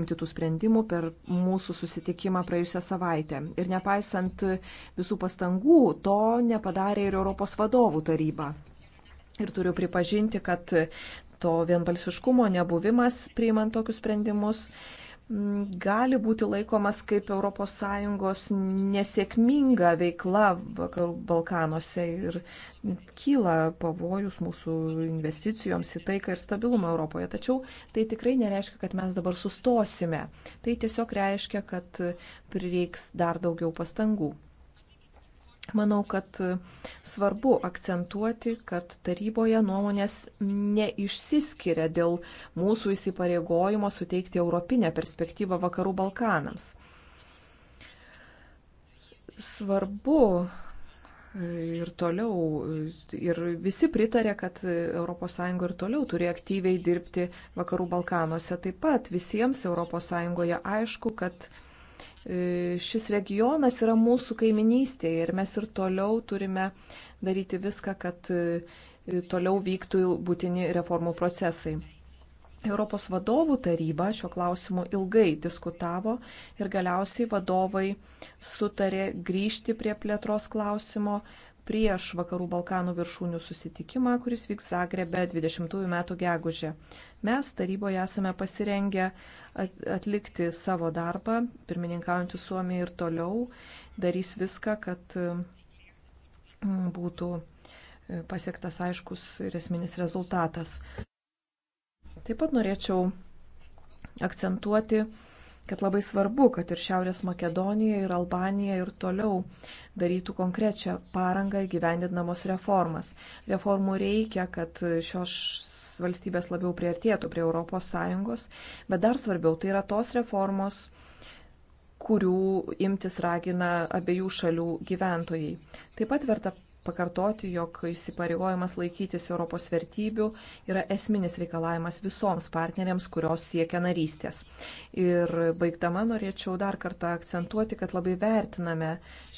imti tų sprendimų per mūsų susitikimą praėjusią savaitę. Ir nepaisant visų pastangų, to nepadarė ir Europos vadovų taryba. Ir turiu pripažinti, kad to vienbalsiškumo nebuvimas priimant tokius sprendimus gali būti laikomas kaip ES nesėkminga veikla Vakarų Balkanuose ir kyla pavojus mūsų investicijoms į taiką ir stabilumą Europoje. Tačiau tai tikrai nereiškia, kad mes dabar sustosime. Tai tiesiog reiškia, kad prireiks dar daugiau pastangų. Manau, kad e, svarbu akcentuoti, kad taryboje nuomonės neišsiskiria dėl mūsų įsipareigojimo suteikti europinę perspektyvą Vakarų Balkanams. Svarbu e, ir toliau, e, ir visi pritarė, kad ES ir toliau turi aktyviai dirbti Vakarų Balkanuose. Taip pat visiems ES aišku, kad E, šis regionas yra mūsų kaiminystėje ir mes ir toliau turime daryti viską, kad e, toliau vyktų būtini reformų procesai. Europos vadovų taryba šio klausimu ilgai diskutavo ir galiausiai vadovai sutarė grįžti prie plėtros klausimo prieš Vakarų Balkanų viršūnių susitikimą, kuris vyks Zagrebe 20 metų gegužė. Mes taryboje esame pasirengę uh, atlikti savo darbą, pirmininkaujantį Suomiją ir toliau darys viską, kad būtų e, pasiektas aiškus ir esminis rezultatas. Taip pat norėčiau akcentuoti, kad labai svarbu, kad ir Šiaurės Makedonija ir Albanija ir toliau darytų konkrečią parangą įgyvendinamos reformas. Reformų reikia, kad šios valstybės labiau priartėtų prie ES, bet dar svarbiau tai yra tos reformos, kurių imtis ragina abiejų šalių gyventojai. Taip pat verta pakartoti, jog įsipareigojimas laikytis Europos vertybių yra esminis reikalavimas visoms partneriams, kurios siekia narystės. Ir baigdama norėčiau dar kartą akcentuoti, kad labai vertiname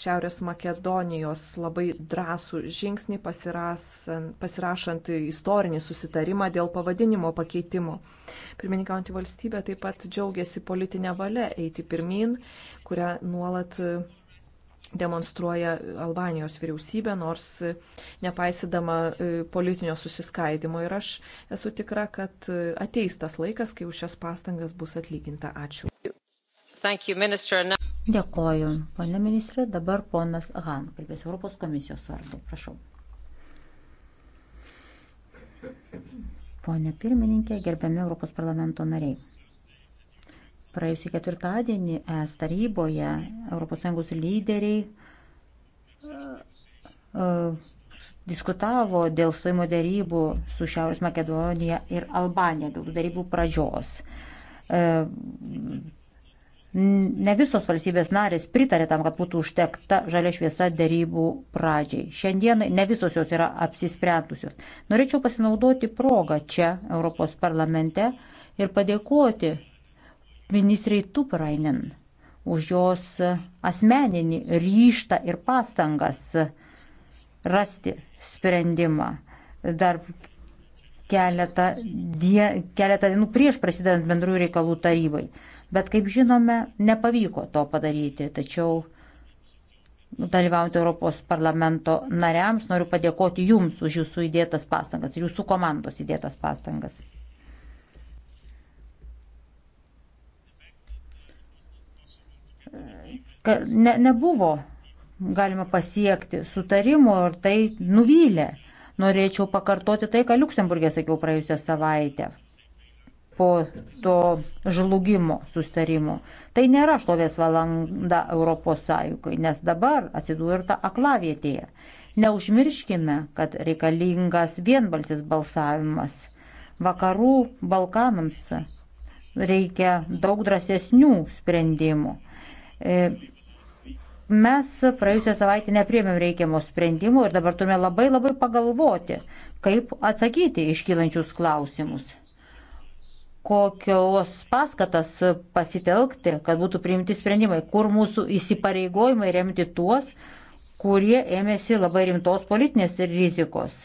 Šiaurės Makedonijos labai drąsų žingsnį pasirašant istorinį susitarimą dėl pavadinimo pakeitimo. Pirmininkaujantį valstybę taip pat džiaugiasi politinę valią eiti pirmin, kurią nuolat demonstruoja Albanijos vyriausybė, nors nepaisydama e, politinio susiskaidimo. Ir aš esu tikra, kad e, ateis tas laikas, kai už šias pastangas bus atlyginta. Ačiū. You, minister. Dėkoju, ponė ministrė. Dabar ponas Han, kalbės Europos komisijos vardu. Prašau. Pone pirmininkė, gerbiami Europos parlamento nariai. Praėjusį ketvirtadienį ES taryboje ES lyderiai e, diskutavo dėl stojimo dėrybų su Šiaurės Makedonija ir Albanija, dėl dėrybų pradžios. E, ne visos valstybės narės pritarė tam, kad būtų užtekta žalia šviesa dėrybų pradžiai. Šiandien ne visos jos yra apsisprendusios. Norėčiau pasinaudoti progą čia Europos parlamente ir padėkoti ministrei Tuprainen už jos asmeninį ryštą ir pastangas rasti sprendimą. Dar keletą, die, keletą dienų prieš prasidedant bendrųjų reikalų tarybai. Bet kaip žinome, nepavyko to padaryti. Tačiau dalyvauti Europos parlamento nariams noriu padėkoti Jums už Jūsų įdėtas pastangas, Jūsų komandos įdėtas pastangas. kad ne, nebuvo galima pasiekti sutarimo ir tai nuvylė. Norėčiau pakartoti tai, ką Luksemburgė sakiau praėjusią savaitę po to žlugimo sustarimo. Tai nėra šlovės valanda Europos Sąjungai, nes dabar atsidūrta aklavietėje. Neužmirškime, kad reikalingas vienbalsis balsavimas. Vakarų Balkanams reikia daug drąsesnių sprendimų. E, Mes praėjusią savaitę nepriemėm reikiamų sprendimų ir dabar turime labai labai pagalvoti, kaip atsakyti iškylančius klausimus, kokios paskatas pasitelkti, kad būtų priimti sprendimai, kur mūsų įsipareigojimai remti tuos, kurie ėmėsi labai rimtos politinės rizikos.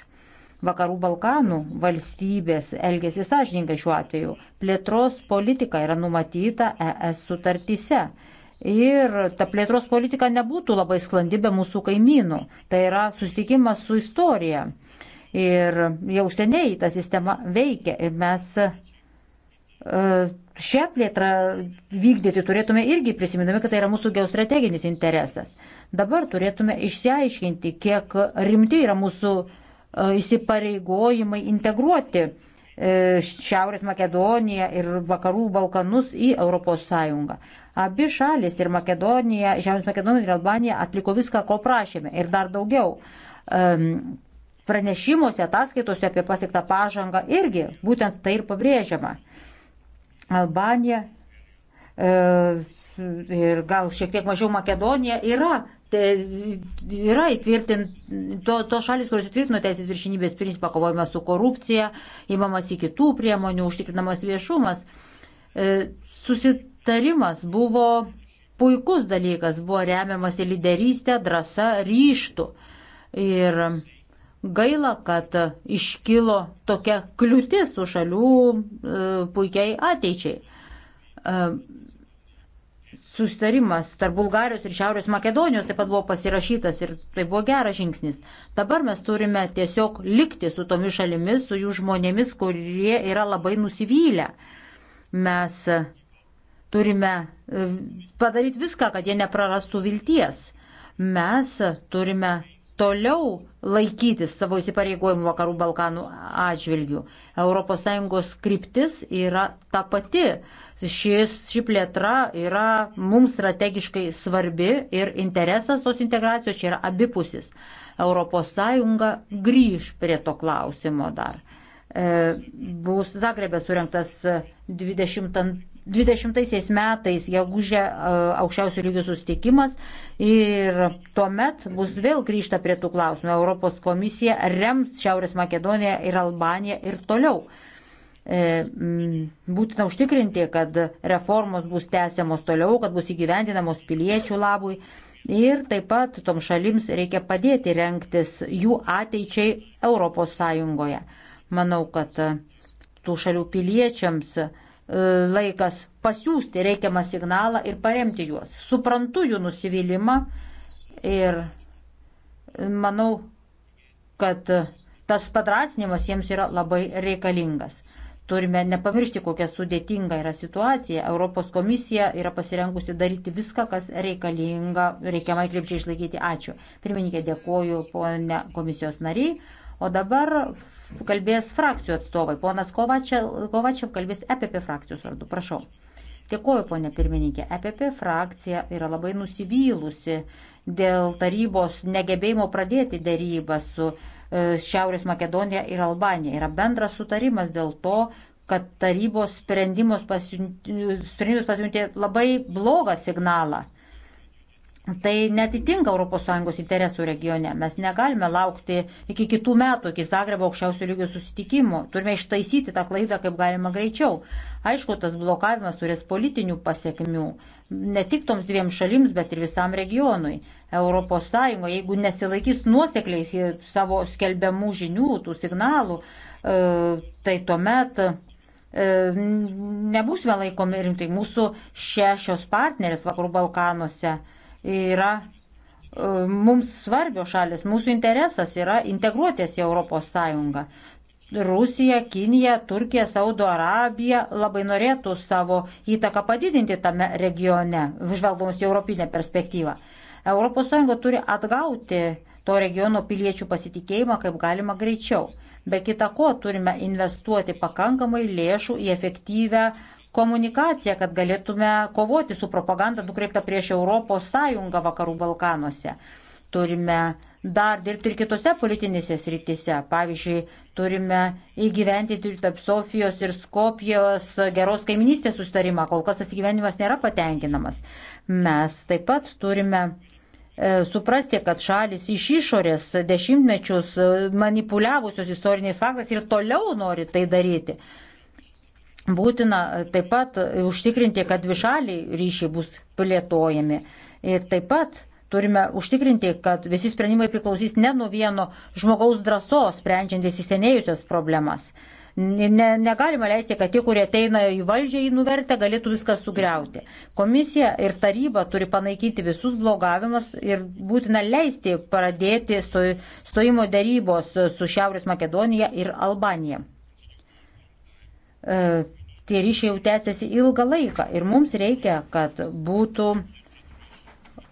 Vakarų Balkanų valstybės elgesi sąžininkai šiuo atveju. Plėtros politika yra numatyta ES sutartyse. Ir ta plėtros politika nebūtų labai sklandi be mūsų kaimynų. Tai yra susitikimas su istorija. Ir jau seniai ta sistema veikia. Ir mes e, šią plėtrą vykdyti turėtume irgi prisimindami, kad tai yra mūsų geostrateginis interesas. Dabar turėtume išsiaiškinti, kiek rimti yra mūsų e, įsipareigojimai integruoti e, Šiaurės Makedoniją ir Vakarų Balkanus į ES. Abi šalis ir Makedonija, Žemės Makedonija ir Albanija atliko viską, ko prašėme ir dar daugiau. Um, pranešimuose, ataskaitose apie pasiektą pažangą irgi būtent tai ir pabrėžiama. Albanija e, ir gal šiek tiek mažiau Makedonija yra. Tai yra įtvirtinti to, to šalis, kurios įtvirtino teisės viršinybės principą, kovojame su korupcija, įmamas į kitų priemonių, užtikrinamas viešumas. E, susit, Sustarimas buvo puikus dalykas, buvo remiamas į lyderystę, drąsą, ryštų. Ir gaila, kad iškilo tokia kliūtis su šalių e, puikiai ateičiai. E, sustarimas tarp Bulgarijos ir Šiaurės Makedonijos taip pat buvo pasirašytas ir tai buvo geras žingsnis. Dabar mes turime tiesiog likti su tomis šalimis, su jų žmonėmis, kurie yra labai nusivylę. Mes Turime e, padaryti viską, kad jie neprarastų vilties. Mes turime toliau laikytis savo įsipareigojimų vakarų Balkanų atžvilgių. ES kryptis yra ta pati. Šis, ši plėtra yra mums strategiškai svarbi ir interesas tos integracijos čia yra abipusis. ES grįž prie to klausimo dar. E, bus Zagrebė surinktas 22 20 metais gegužė aukščiausių lygių sustikimas ir tuomet bus vėl grįžta prie tų klausimų. Europos komisija rems Šiaurės Makedoniją ir Albaniją ir toliau. E, būtina užtikrinti, kad reformos bus tęsiamos toliau, kad bus įgyvendinamos piliečių labui. Ir taip pat tom šalims reikia padėti renktis jų ateičiai Europos Sąjungoje. Manau, kad e, tų šalių piliečiams uh, laikas pasiūsti reikiamą signalą ir paremti juos. Suprantu jų nusivylimą ir manau, kad tas padrasnimas jiems yra labai reikalingas. Turime nepamiršti, kokia sudėtinga yra situacija. Europos komisija yra pasirengusi daryti viską, kas reikalinga, reikiamai krypčiai išlaikyti. Ačiū. Pirmininkė, dėkoju ponė komisijos nariai. O dabar kalbės frakcijų atstovai. Ponas Kovačiav kalbės EPP frakcijos vardu. Prašau. Dėkoju, ponė pirmininkė. EPP frakcija yra labai nusivylusi dėl tarybos negebėjimo pradėti dėrybą su e, Šiaurės Makedonija ir Albanija. Yra bendras sutarimas dėl to, kad tarybos sprendimus pasiuntė, sprendimus pasiuntė labai blogą signalą. Tai netitinka ES interesų regione. Mes negalime laukti iki kitų metų, iki Zagrebo aukščiausių lygių susitikimų. Turime ištaisyti tą klaidą kaip galima greičiau. Aišku, tas blokavimas turės politinių pasiekmių. Ne tik toms dviem šalims, bet ir visam regionui. ES, jeigu nesilaikys nuosekliai savo skelbiamų žinių, tų signalų, e, tai tuomet e, nebūsime laikomi rimtai mūsų šešios partnerės Vakarų Balkanuose yra e, mums svarbios šalis, mūsų interesas yra integruotis į Europos Sąjungą. Rusija, Kinija, Turkija, Saudo Arabija labai norėtų savo įtaką padidinti tame regione, žvelgdamas į europinę perspektyvą. ES turi atgauti to regiono piliečių pasitikėjimą kaip galima greičiau. Be kita ko, turime investuoti pakankamai lėšų į efektyvę komunikaciją, kad galėtume kovoti su propaganda nukreipta prieš Europos Sąjungą Vakarų Balkanuose. Turime dar dirbti ir kitose politinėse srityse. Pavyzdžiui, turime įgyventinti tarp Sofijos ir Skopijos geros kaiminystės sustarimą. Kol kas tas įgyvenimas nėra patenkinamas. Mes taip pat turime e, suprasti, kad šalis iš išorės dešimtmečius manipuliavusios istoriniais faktais ir toliau nori tai daryti. Būtina e, taip pat e, užtikrinti, kad višaliai ryšiai bus plėtojami. Ir taip pat turime užtikrinti, kad visi sprendimai priklausys ne nuo vieno žmogaus drąsos, sprendžiant įsisenėjusias problemas. Ne, negalima leisti, kad tie, kurie ateina į valdžią, į nuvertę, galėtų viską sugriauti. Komisija ir taryba turi panaikyti visus blogavimus ir būtina leisti pradėti stojimo darybos su Šiaurės Makedonija ir Albanija. E, tie ryšiai jau tęsiasi ilgą laiką ir mums reikia, kad būtų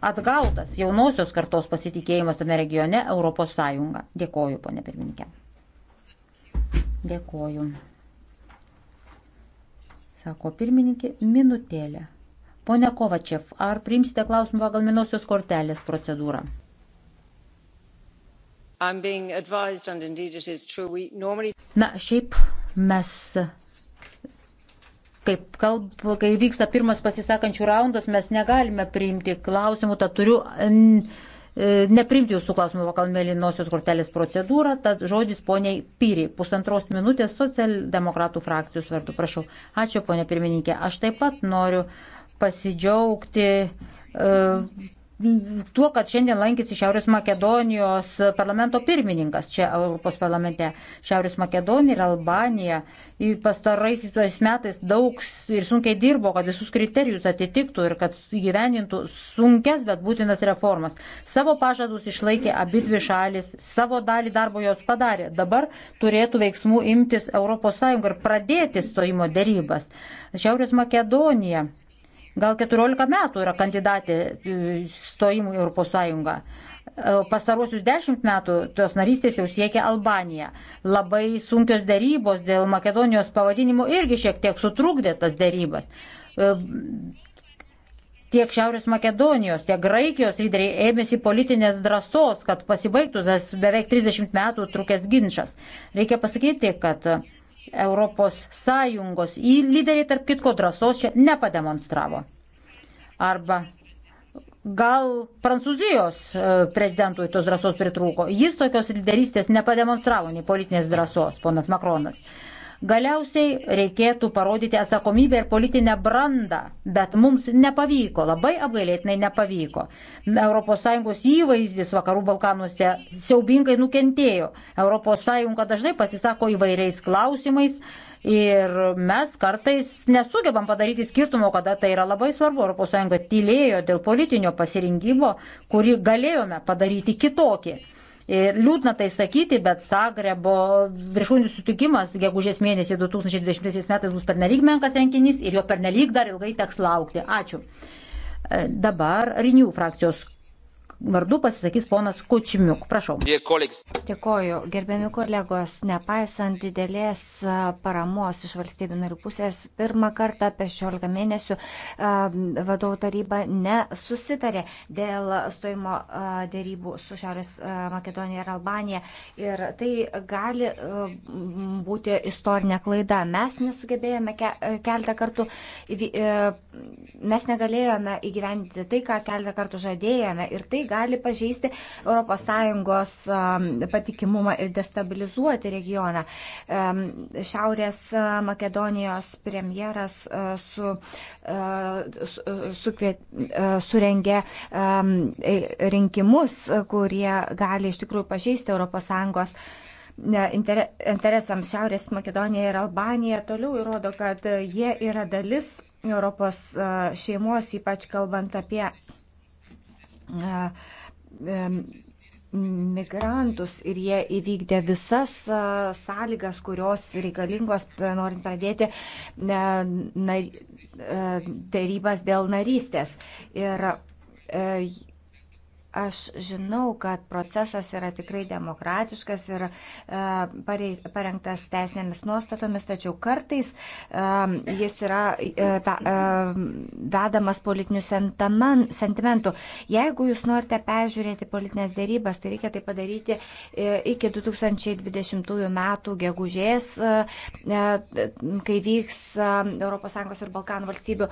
atgautas jaunosios kartos pasitikėjimas tame regione Europos Sąjunga. Dėkoju, ponė pirmininkė. Dėkoju. Sako pirmininkė, minutėlė. Pone Kovačev, ar priimsite klausimą pagal minosios kortelės procedūrą? Na, šiaip mes Kaip kalb, kai vyksta pirmas pasisakančių raundas, mes negalime priimti klausimų, tad turiu e, neprimti jūsų klausimų vakal mėlynosios kortelės procedūrą, tad žodis poniai Pyri, pusantros minutės socialdemokratų frakcijos vardu, prašau. Ačiū, ponia pirmininkė. Aš taip pat noriu pasidžiaugti e, tuo, kad šiandien lankėsi Šiaurės Makedonijos parlamento pirmininkas čia Europos parlamente. Šiaurės Makedonija ir Albanija pastaraisiais metais daug ir sunkiai dirbo, kad visus kriterijus atitiktų ir kad įgyvenintų sunkes, bet būtinas reformas. Savo pažadus išlaikė abi dvi šalis, savo dalį darbo jos padarė. Dabar turėtų veiksmų imtis ES ir pradėti stojimo dėrybas. Šiaurės Makedonija gal 14 metų yra kandidatė e, stojimui Europos Sąjungą. E, Pastaruosius dešimt metų tos narystės jau siekia Albanija. Labai sunkios dėrybos dėl Makedonijos pavadinimo irgi šiek tiek sutrukdė tas dėrybas. E, tiek Šiaurės Makedonijos, tiek Graikijos lyderiai ėmėsi politinės drąsos, kad pasibaigtų tas beveik 30 metų trukęs ginčas. Reikia pasakyti, kad ES lyderiai, tarp kitko, drąsos čia nepademonstravo. Arba gal Prancūzijos e, prezidentui tos drąsos pritrūko. Jis tokios lyderystės nepademonstravo, nei politinės drąsos, ponas Makronas. Galiausiai reikėtų parodyti atsakomybę ir politinę brandą, bet mums nepavyko, labai apgailėtinai nepavyko. ES įvaizdis Vakarų Balkanuose siaubingai nukentėjo. ES dažnai pasisako įvairiais klausimais. Ir mes kartais nesugebam padaryti skirtumo, kada tai yra labai svarbu. ES tylėjo dėl politinio pasirinkimo, kurį galėjome padaryti kitokį. Ir e, liūdna tai sakyti, bet Sagrebo viršūnių sutikimas gegužės mėnesį 2020 metais bus pernelyg menkas renginys ir jo pernelyg dar ilgai teks laukti. Ačiū. E, dabar Rinių frakcijos vardu pasisakys ponas Kučmiuk. Prašau. Dėkoju, gerbiami kolegos. Nepaisant didelės paramos iš valstybių narių pusės, pirmą kartą apie 16 mėnesių vadovų taryba nesusitarė dėl stojimo dėrybų su Šiaurės Makedonija ir Albanija. Ir tai gali būti istorinė klaida. Mes nesugebėjome keletą kartų, mes negalėjome įgyvendinti tai, ką keletą kartų žadėjome. Ir tai gali pažeisti ES um, patikimumą ir destabilizuoti regioną. Um, Šiaurės uh, Makedonijos premjeras uh, su, uh, su, su, surengė um, rinkimus, kurie gali iš tikrųjų pažeisti ES interesams Šiaurės Makedonija ir Albanija toliau įrodo, kad jie yra dalis Europos šeimos, ypač kalbant apie migrantus ir jie įvykdė visas sąlygas, kurios reikalingos, e, norint pradėti e, darybas dėl narystės. Ir e, Aš žinau, kad procesas yra tikrai demokratiškas ir e, parengtas teisinėmis nuostatomis, tačiau kartais e, jis yra e, e, vedamas politinių sentimentų. Jeigu jūs norite peržiūrėti politinės dėrybas, tai reikia tai padaryti e, iki 2020 metų gegužės, e, e, kai vyks e, ES ir Balkanų valstybių e,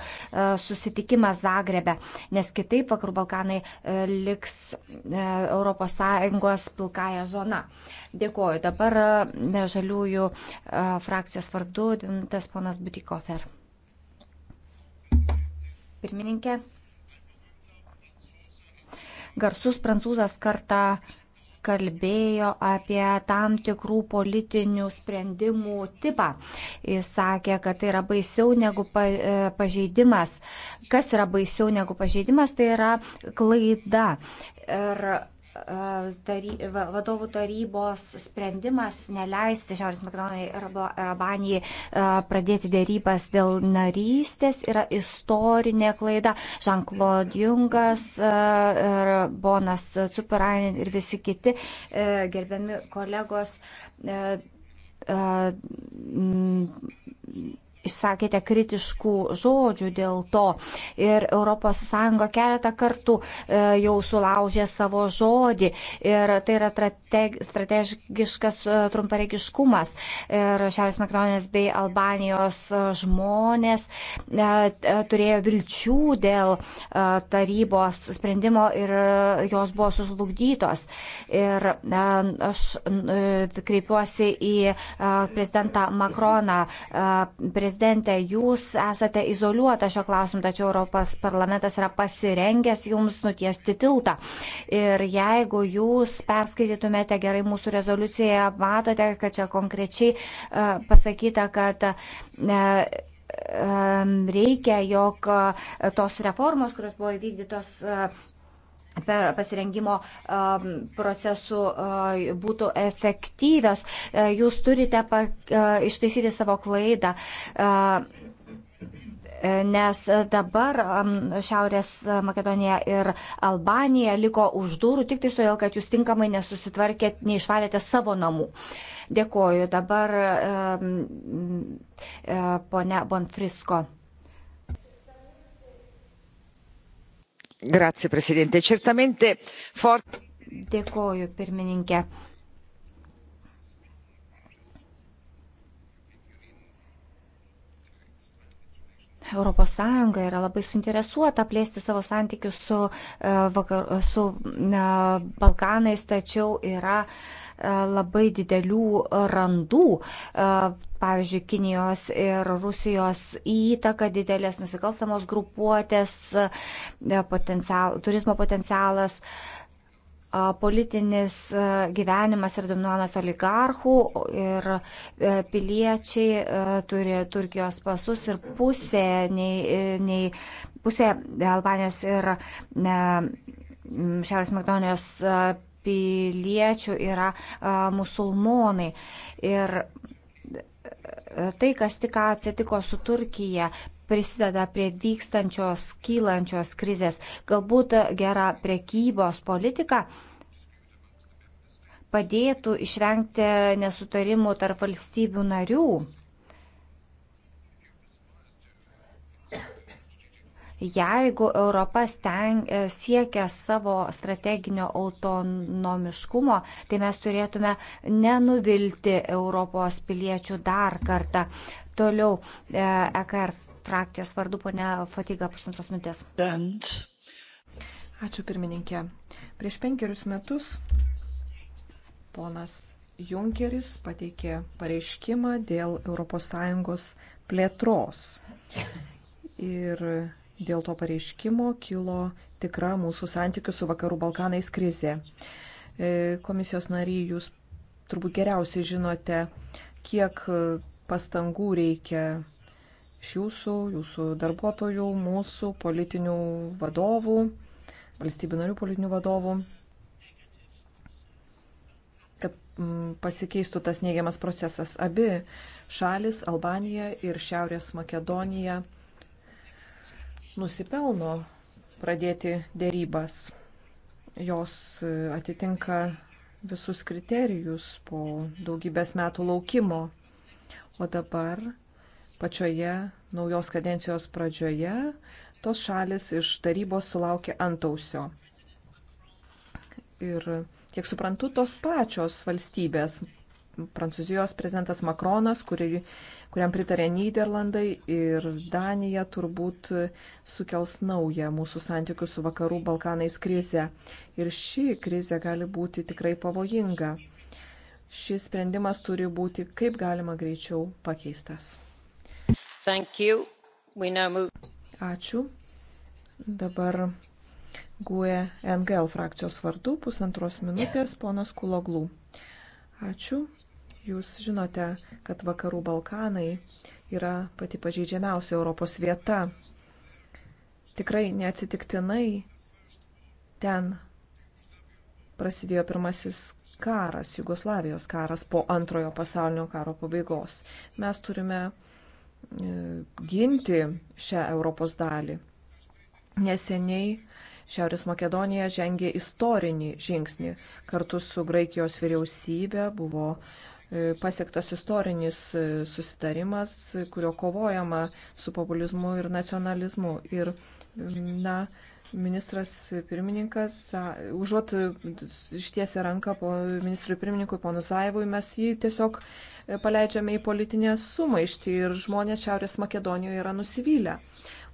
susitikimas Zagrebe, nes kitaip vakarų Balkanai e, liks taps ES pilkąją zoną. Dėkuoju. Dabar e, žaliųjų e, frakcijos vardu tas ponas Butikofer. Pirmininkė. Garsus prancūzas kartą kalbėjo apie tam tikrų politinių sprendimų tipą. Jis sakė, kad tai yra baisiau negu e, pažeidimas. Kas yra baisiau negu pažeidimas, tai yra klaida. Ir tary, vadovų tarybos sprendimas neleisti Šiaurės Makedonijai ir Albanijai pradėti dėrybas dėl narystės yra istorinė klaida. Jean-Claude Jungas ir Bonas Cuperanin ir visi kiti gerbiami kolegos išsakėte kritiškų žodžių dėl to. Ir ES keletą kartų e, jau sulaužė savo žodį. Ir tai yra strategiškas e, trumparegiškumas. Ir Šiaurės Makedonijos bei Albanijos e, žmonės turėjo vilčių dėl tarybos sprendimo ir jos buvo suslugdytos. Ir aš kreipiuosi į prezidentą Makroną. Prezidentą prezidente, jūs esate izoliuota šio klausimu, tačiau Europos parlamentas yra pasirengęs jums nutiesti tiltą. Ir jeigu jūs perskaitytumėte gerai mūsų rezoliuciją, matote, kad čia konkrečiai e, pasakyta, kad e, e, reikia, jog tos reformos, kurios buvo įvykdytos per pasirengimo um, procesų uh, būtų efektyvios. Uh, jūs turite uh, ištaisyti savo klaidą nes dabar um, Šiaurės Makedonija ir Albanija liko už durų tik tai todėl, kad jūs tinkamai nesusitvarkėt, neišvalėte savo namų. Dėkoju. Dabar um, ponia Bonfrisko. Grazie, prezidente. Certamente forte. Dėkoju, pirmininkė. ES yra labai suinteresuota plėsti savo santykius su, e, su e, Balkanais, tačiau yra uh, E, labai didelių randų. E, pavyzdžiui, Kinijos ir Rusijos įtaka, didelės nusikalstamos grupuotės, e, potencial, turizmo potencialas politinis gyvenimas yra dominuojamas oligarchų ir piliečiai turi Turkijos pasus ir pusė, nei, nei, pusė Albanijos ir ne, Šiaurės Makedonijos piliečių yra musulmonai. Ir tai, kas tik atsitiko su Turkija, prisideda prie vykstančios, kylančios krizės. Galbūt gera prekybos politika padėtų išvengti nesutarimų tarp valstybių narių. Jeigu Europa steng, e, siekia savo strateginio autonomiškumo, tai mes turėtume nenuvilti Europos piliečių dar kartą. Toliau e, EKR frakcijos vardu ponia Fatiga pusantros minutės. Ačiū pirmininkė. Prieš penkerius metus ponas Junkeris pateikė pareiškimą dėl ES plėtros. Ir Dėl to pareiškimo kilo tikra mūsų santykių su Vakarų Balkanais krizė. E, komisijos nariai, jūs turbūt geriausiai žinote, kiek pastangų reikia iš jūsų, jūsų darbuotojų, mūsų politinių vadovų, valstybių narių politinių vadovų, kad mm, pasikeistų tas neigiamas procesas. Abi šalis, Albanija ir Šiaurės Makedonija, nusipelno pradėti dėrybas. Jos e, atitinka visus kriterijus po daugybės metų laukimo. O dabar pačioje naujos kadencijos pradžioje tos šalis iš tarybos sulaukė antausio. Ir, kiek suprantu, tos pačios valstybės Prancūzijos prezidentas Makronas, kuri, kuriam pritarė Niderlandai ir Danija, turbūt sukels naują mūsų santykių su vakarų Balkanais krizę. Ir ši krizė gali būti tikrai pavojinga. Šis sprendimas turi būti kaip galima greičiau pakeistas. Ačiū. Dabar GUE NGL frakcijos vardu pusantros minutės ponas Kuloglų. Ačiū. Jūs žinote, kad Vakarų Balkanai yra pati pažeidžiamiausia Europos vieta. Tikrai neatsitiktinai ten prasidėjo pirmasis karas, Jugoslavijos karas po antrojo pasaulinio karo pabaigos. Mes turime e, ginti šią Europos dalį. Neseniai Šiaurės Makedonija žengė istorinį žingsnį. Kartu su Graikijos vyriausybė buvo uh, E, pasiektas istorinis e, susitarimas, kurio kovojama su populizmu ir nacionalizmu. Ir, na, ministras pirmininkas, užuot ištiesę ranką po ministrui pirmininkui, ponu Zaivui, mes jį tiesiog e, paleidžiame į politinę sumaištį ir žmonės Šiaurės Makedonijoje yra nusivylę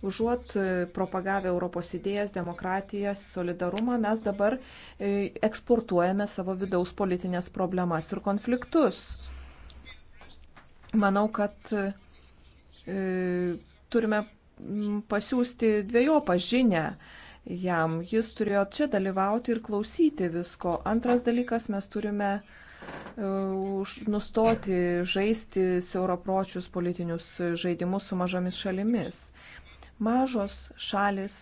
užuot e, propagavę Europos idėjas, demokratijas, solidarumą, mes dabar e, eksportuojame savo vidaus politinės problemas ir konfliktus. Manau, kad e, turime pasiūsti dviejopą žinę jam. Jis turėjo čia dalyvauti ir klausyti visko. Antras dalykas, mes turime nustoti žaisti siauropročius politinius žaidimus su mažomis šalimis. Mažos šalis,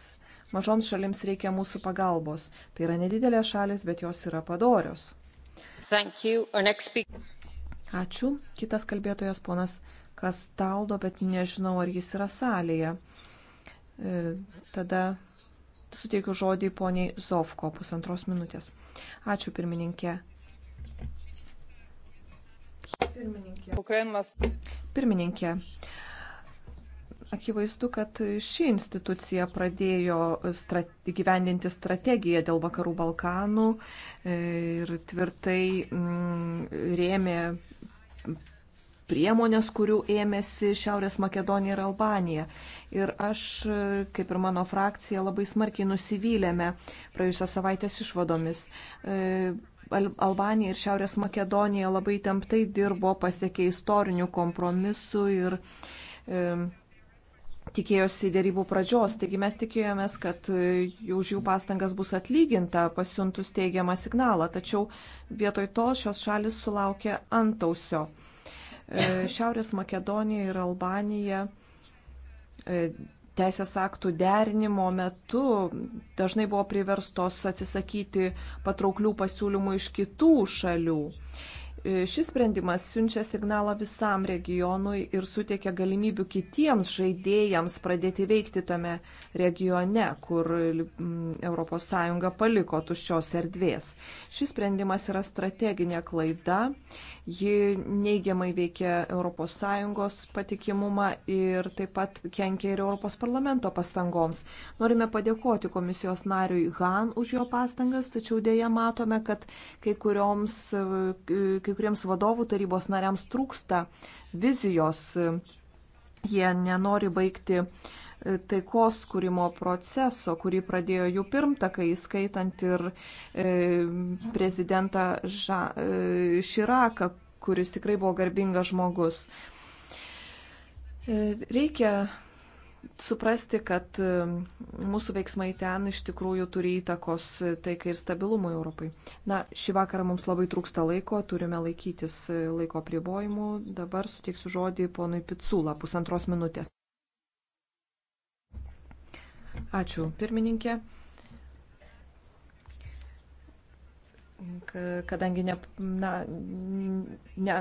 mažoms šalims reikia mūsų pagalbos. Tai yra nedidelės šalis, bet jos yra padorios. Ačiū. Kitas kalbėtojas ponas Kastaldo, bet nežinau, ar jis yra salėje. E, tada suteikiu žodį poniai Zovko pusantros minutės. Ačiū pirmininkė. Pirmininkė. Pirmininkė. Akivaizdu, kad ši institucija pradėjo strate gyvendinti strategiją dėl Vakarų Balkanų e, ir tvirtai mm, rėmė priemonės, kurių ėmėsi Šiaurės Makedonija ir Albanija. Ir aš, kaip ir mano frakcija, labai smarkiai nusivylėme praėjusios savaitės išvadomis. E, Albanija ir Šiaurės Makedonija labai temptai dirbo, pasiekė istorinių kompromisų ir e, tikėjosi dėrybų pradžios, taigi mes tikėjomės, kad e, už jų pastangas bus atlyginta pasiuntus teigiamą signalą, tačiau vietoj to šios šalis sulaukė antausio. E, Šiaurės Makedonija ir Albanija e, teisės aktų derinimo metu dažnai buvo priverstos atsisakyti patrauklių pasiūlymų iš kitų šalių. E, šis sprendimas siunčia signalą visam regionui ir suteikia galimybių kitiems žaidėjams pradėti veikti tame regione, kur mm, ES paliko tuščios erdvės. Šis sprendimas yra strateginė klaida, ji neigiamai veikia ES patikimumą ir taip pat kenkia ir ES pastangoms. Norime padėkoti komisijos nariui Han už jo pastangas, tačiau dėja matome, kad kai kurioms e, kai kuriems vadovų tarybos nariams trūksta vizijos. Jie nenori baigti e, taikos kūrimo proceso, kurį pradėjo jų pirmtakai, įskaitant ir e, prezidentą Ža, e, Širaką, kuris tikrai buvo garbingas žmogus. E, reikia suprasti, kad um, mūsų veiksmai ten iš tikrųjų turi įtakos taikai ir stabilumui Europai. Na, šį vakarą mums labai trūksta laiko, turime laikytis e, laiko pribojimų. Dabar suteiksiu žodį ponui Pitsula, pusantros minutės. Ačiū, pirmininkė. kadangi ne, na, ne,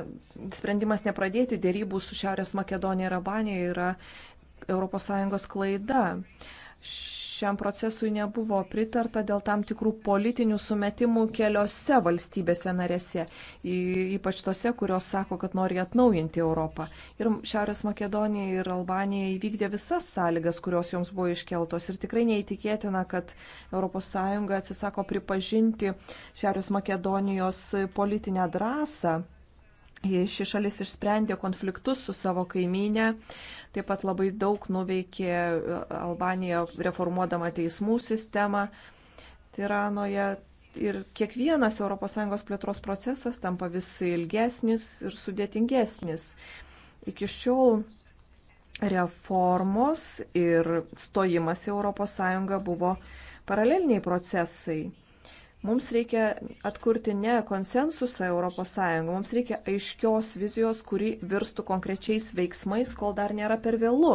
sprendimas nepradėti dėrybų su Šiaurės Makedonija ir Albanija yra ES klaida. Šiam procesui nebuvo pritarta dėl tam tikrų politinių sumetimų keliose valstybėse narėse, ypač tose, kurios sako, kad nori atnaujinti Europą. Ir Šiaurės Makedonija ir Albanija įvykdė visas sąlygas, kurios joms buvo iškeltos. Ir tikrai neįtikėtina, kad ES atsisako pripažinti Šiaurės Makedonijos politinę drąsą Ši šalis išsprendė konfliktus su savo kaimynė, taip pat labai daug nuveikė e, Albanija reformuodama teismų sistemą Tiranoje. Ir kiekvienas ES plėtros procesas tampa vis ilgesnis ir sudėtingesnis. Iki šiol reformos ir stojimas į ES buvo paraleliniai procesai. Mums reikia atkurti ne konsensusą ES, mums reikia aiškios vizijos, kuri virstų konkrečiais veiksmais, kol dar nėra per vėlu,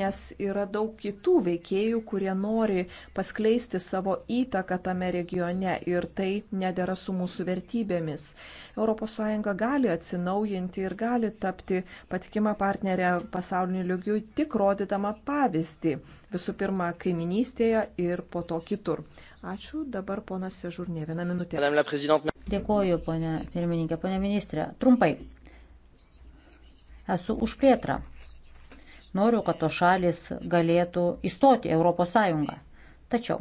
nes yra daug kitų veikėjų, kurie nori paskleisti savo įtaką tame regione ir tai nedėra su mūsų vertybėmis. ES gali atsinaujinti ir gali tapti patikimą partnerę pasauliniu lygiu tik rodydama pavyzdį, visų pirma kaiminystėje ir po to kitur. Ačiū. Dabar ponas Sežurnė, vieną minutę. Dėkoju, ponė pirmininkė, ponė ministrė. Trumpai. Esu už plėtrą. Noriu, kad to šalis galėtų įstoti Europos Sąjungą. Tačiau,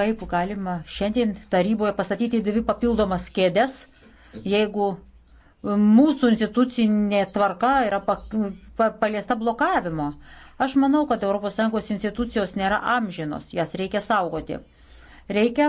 kaip galima šiandien taryboje pastatyti dvi papildomas kėdes, jeigu mūsų institucinė tvarka yra paliesta blokavimo. Aš manau, kad ES institucijos nėra amžinos, jas reikia saugoti. Reikia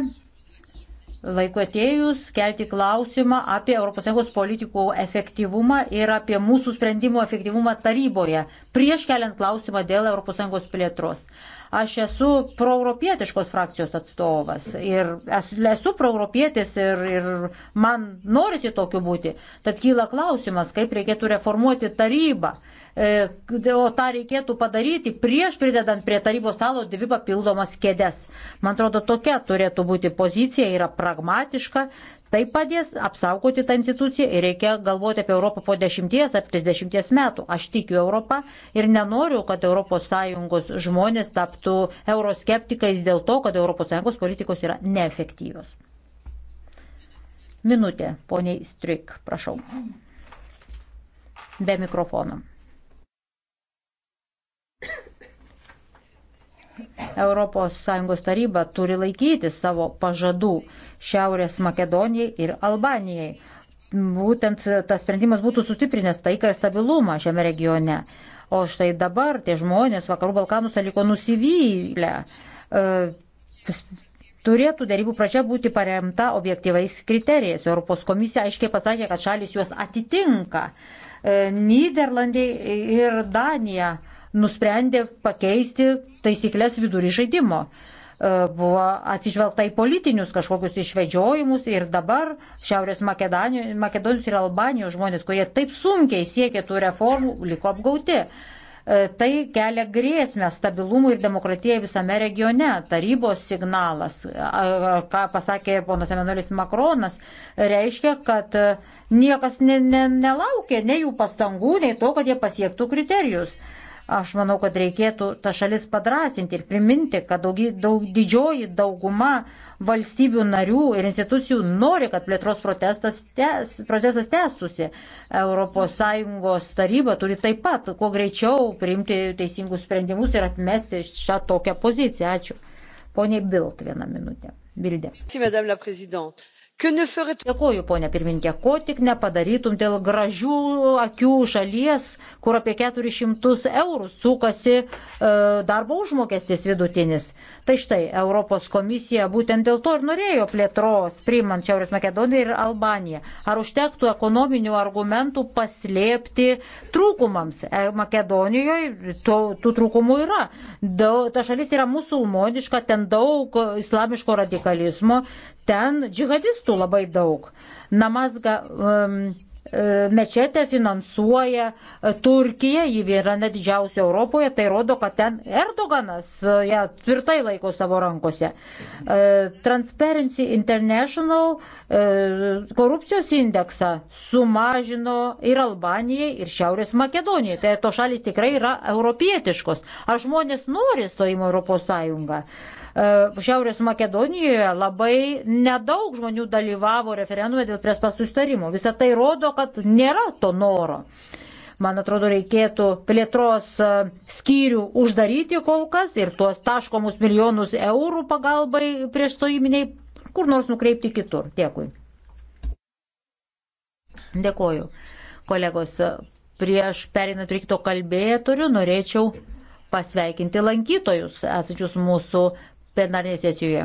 laiko atėjus kelti klausimą apie ES politikų efektyvumą ir apie mūsų sprendimų efektyvumą taryboje prieš keliant klausimą dėl ES plėtros. Aš esu proeuropietiškos frakcijos atstovas ir esu proeuropietis ir, ir man norisi tokiu būti. Tad kyla klausimas, kaip reikėtų reformuoti tarybą. E, o tą reikėtų padaryti prieš pridedant prie tarybos stalo dvi papildomas kėdes. Man atrodo, tokia turėtų būti pozicija, yra pragmatiška, Tai padės apsaugoti tą instituciją ir reikia galvoti apie Europą po 10 ar 30 metų. Aš tikiu Europą ir nenoriu, kad ES žmonės taptų euroskeptikais dėl to, kad ES politikos yra neefektyvios. Minutė, poniai Strik, prašau. Be mikrofono. ES taryba turi laikyti savo pažadų Šiaurės Makedonijai ir Albanijai. Būtent tas sprendimas būtų sustiprinęs taiką ir stabilumą šiame regione. O štai dabar tie žmonės Vakarų Balkanuose liko nusivylę. E, turėtų darybų pradžia būti paremta objektyvais kriterijais. Europos komisija aiškiai pasakė, kad šalis juos atitinka. E, Niderlandai ir Danija nusprendė pakeisti taisyklės vidurį žaidimo. E, buvo atsižvelgta į politinius kažkokius išvedžiojimus ir dabar Šiaurės Makedonijos ir Albanijos žmonės, kurie taip sunkiai siekė tų reformų, liko apgauti. E, tai kelia grėsmę stabilumui ir demokratijai visame regione. Tarybos signalas, ką pasakė ponas Emanuelis Makronas, reiškia, kad e, niekas ne, ne, nelaukė nei jų pastangų, nei to, kad jie pasiektų kriterijus. Aš manau, kad reikėtų tą šalis padrasinti ir priminti, kad daug, daug, didžioji dauguma valstybių narių ir institucijų nori, kad plėtros tes, procesas tęstusi. ES taryba turi taip pat kuo greičiau priimti teisingus sprendimus ir atmesti šią tokią poziciją. Ačiū. Pone Bilt vieną minutę. Bildė. Dėkoju, ponė pirmininkė, ko tik nepadarytum dėl gražių akių šalies, kur apie 400 eurų sukasi e, darbo užmokestis vidutinis. Tai štai Europos komisija būtent dėl to ir norėjo plėtros, priimant Šiaurės Makedoniją ir Albaniją. Ar užtektų ekonominių argumentų paslėpti trūkumams? E, Makedonijoje to, tų trūkumų yra. Da, ta šalis yra musulmoniška, ten daug islamiško radikalizmo, Ten džihadistų labai daug. Namazga um, e, mečetę finansuoja e, Turkija, ji yra nedidžiausia Europoje, tai rodo, kad ten Erdoganas e, ją ja, tvirtai laiko savo rankose. Transparency International korupcijos indeksą sumažino ir Albanijai, ir Šiaurės Makedonijai. Tai to šalis tikrai yra europietiškos. Ar žmonės nori stojimo Europos Sąjungą? E, Šiaurės Makedonijoje labai nedaug žmonių dalyvavo referendume dėl prespas sustarimo. Visą tai rodo, kad nėra to noro. Man atrodo, reikėtų plėtros e, skyrių uždaryti kol kas ir tuos taškomus milijonus eurų pagalbai prieš stojiminiai kur nors nukreipti kitur. Dėkui. Dėkoju. Kolegos, prieš perinant prie kito kalbėtorių norėčiau pasveikinti lankytojus esančius mūsų plenarnėje sesijoje.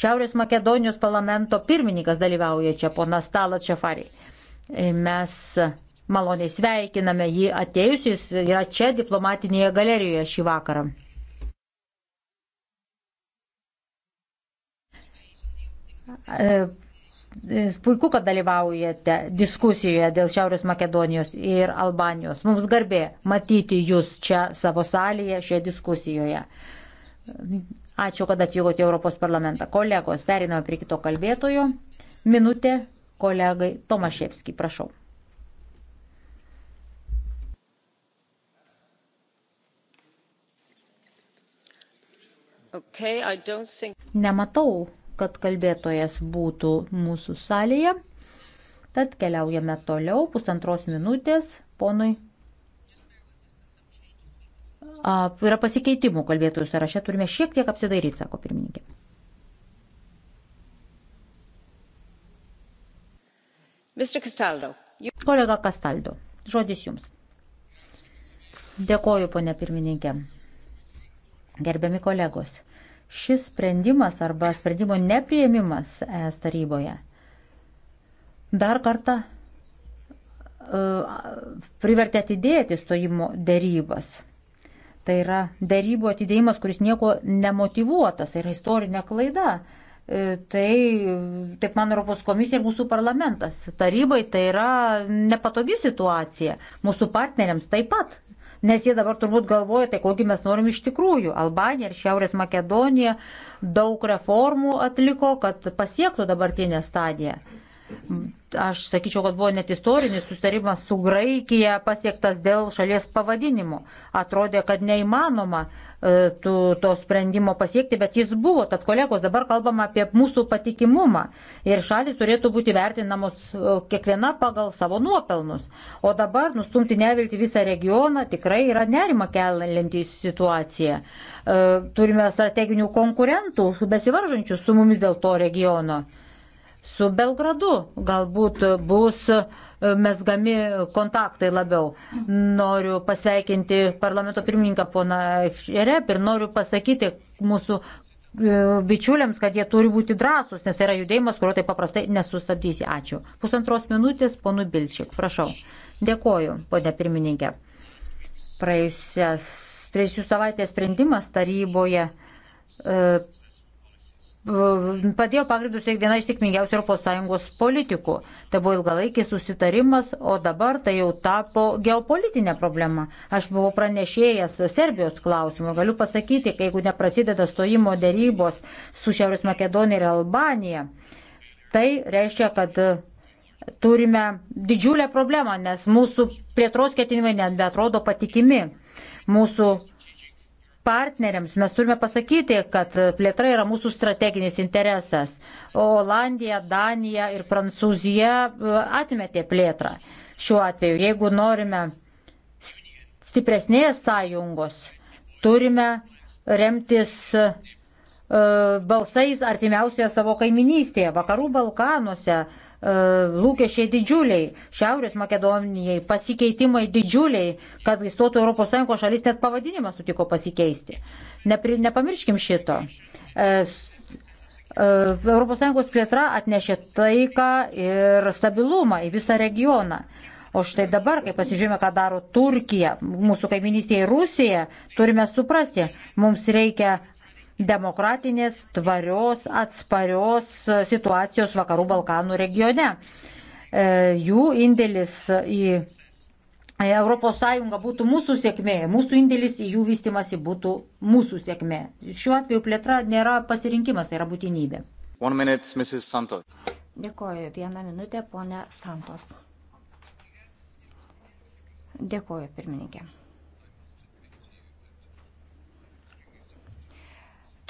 Šiaurės Makedonijos parlamento pirmininkas dalyvauja čia, ponas Talat Šafari. Mes maloniai sveikiname jį atėjus, jis yra čia diplomatinėje galerijoje šį vakarą. E, puiku, kad dalyvaujate diskusijoje dėl Šiaurės Makedonijos ir Albanijos. Mums garbė matyti jūs čia savo salėje šioje diskusijoje. Ačiū, kad atvykote į Europos parlamentą. Kolegos, periname prie kito kalbėtojo. Minutė kolegai Tomaševskijai, prašau. Okay, think... Nematau, kad kalbėtojas būtų mūsų salėje. Tad keliaujame toliau, pusantros minutės ponui Yra pasikeitimų kalbėtojų sąraše, turime šiek tiek apsidairyti, sako pirmininkė. Castaldo. Kolega Kastaldo, žodis jums. Dėkoju, ponė pirmininkė. Gerbiami kolegos, šis sprendimas arba sprendimo nepriėmimas ES taryboje dar kartą e, privertė atidėti stojimo dėrybas Tai yra darybų atidėjimas, kuris nieko nemotivuotas, tai yra istorinė klaida. E, tai taip man Europos komisija ir mūsų parlamentas. Tarybai tai yra nepatogi situacija, mūsų partneriams taip pat. Nes jie dabar turbūt galvoja, tai kogi mes norim iš tikrųjų. Albanija ir Šiaurės Makedonija daug reformų atliko, kad pasiektų dabartinę stadiją. Aš sakyčiau, kad buvo net istorinis sustarimas su Graikija pasiektas dėl šalies pavadinimo. Atrodė, kad neįmanoma e, tų, to sprendimo pasiekti, bet jis buvo. Tad kolegos, dabar kalbam apie mūsų patikimumą. Ir šalis turėtų būti vertinamos e, kiekviena pagal savo nuopelnus. O dabar nustumti nevilti visą regioną tikrai yra nerima kelinti situacija. E, turime strateginių konkurentų, besivaržančių su mumis dėl to regiono su Belgradu. Galbūt bus e, mesgami kontaktai labiau. Noriu pasveikinti parlamento pirmininką poną Rep ir noriu pasakyti mūsų e, bičiuliams, kad jie turi būti drąsūs, nes yra judėjimas, kurio tai paprastai nesustabdysi. Ačiū. Pusantros minutės, ponu Bilčik, prašau. Dėkoju, ponė pirmininkė. Praėjusias, prieš jų savaitės sprendimas taryboje e, E, padėjo pagrindus viena iš sėkmingiausių ES politikų. Tai buvo ilgalaikis susitarimas, o dabar tai jau tapo geopolitinė problema. Aš buvau pranešėjęs Serbijos klausimų. Galiu pasakyti, kai jeigu neprasideda stojimo dėrybos su Šiaurės Makedonija ir Albanija, tai reiškia, kad turime didžiulę problemą, nes mūsų plėtros ketinimai nebetrodo patikimi. Mūsų partneriams mes turime pasakyti, kad plėtra yra mūsų strateginis interesas. O Olandija, Danija ir Prancūzija e, atmetė plėtrą šiuo atveju. Jeigu norime stipresnės sąjungos, turime remtis e, balsais artimiausioje savo kaiminystėje, vakarų Balkanuose, lūkesčiai didžiuliai, Šiaurės Makedonijai pasikeitimai didžiuliai, kad įstotų ES šalis net pavadinimą sutiko pasikeisti. Nepri, nepamirškim šito. ES e, plėtra atnešė taiką ir stabilumą į visą regioną. O štai dabar, kai pasižiūrime, ką daro Turkija, mūsų kaiminystėje Rusija, turime suprasti, mums reikia demokratinės, tvarios, atsparios situacijos Vakarų Balkanų regione. E, jų indėlis į ES būtų mūsų sėkmė, mūsų indėlis į jų vystimasi būtų mūsų sėkmė. Šiuo atveju plėtra nėra pasirinkimas, tai yra būtinybė. Minute, Dėkoju. Vieną minutę, ponė Santos. Dėkoju, pirmininkė.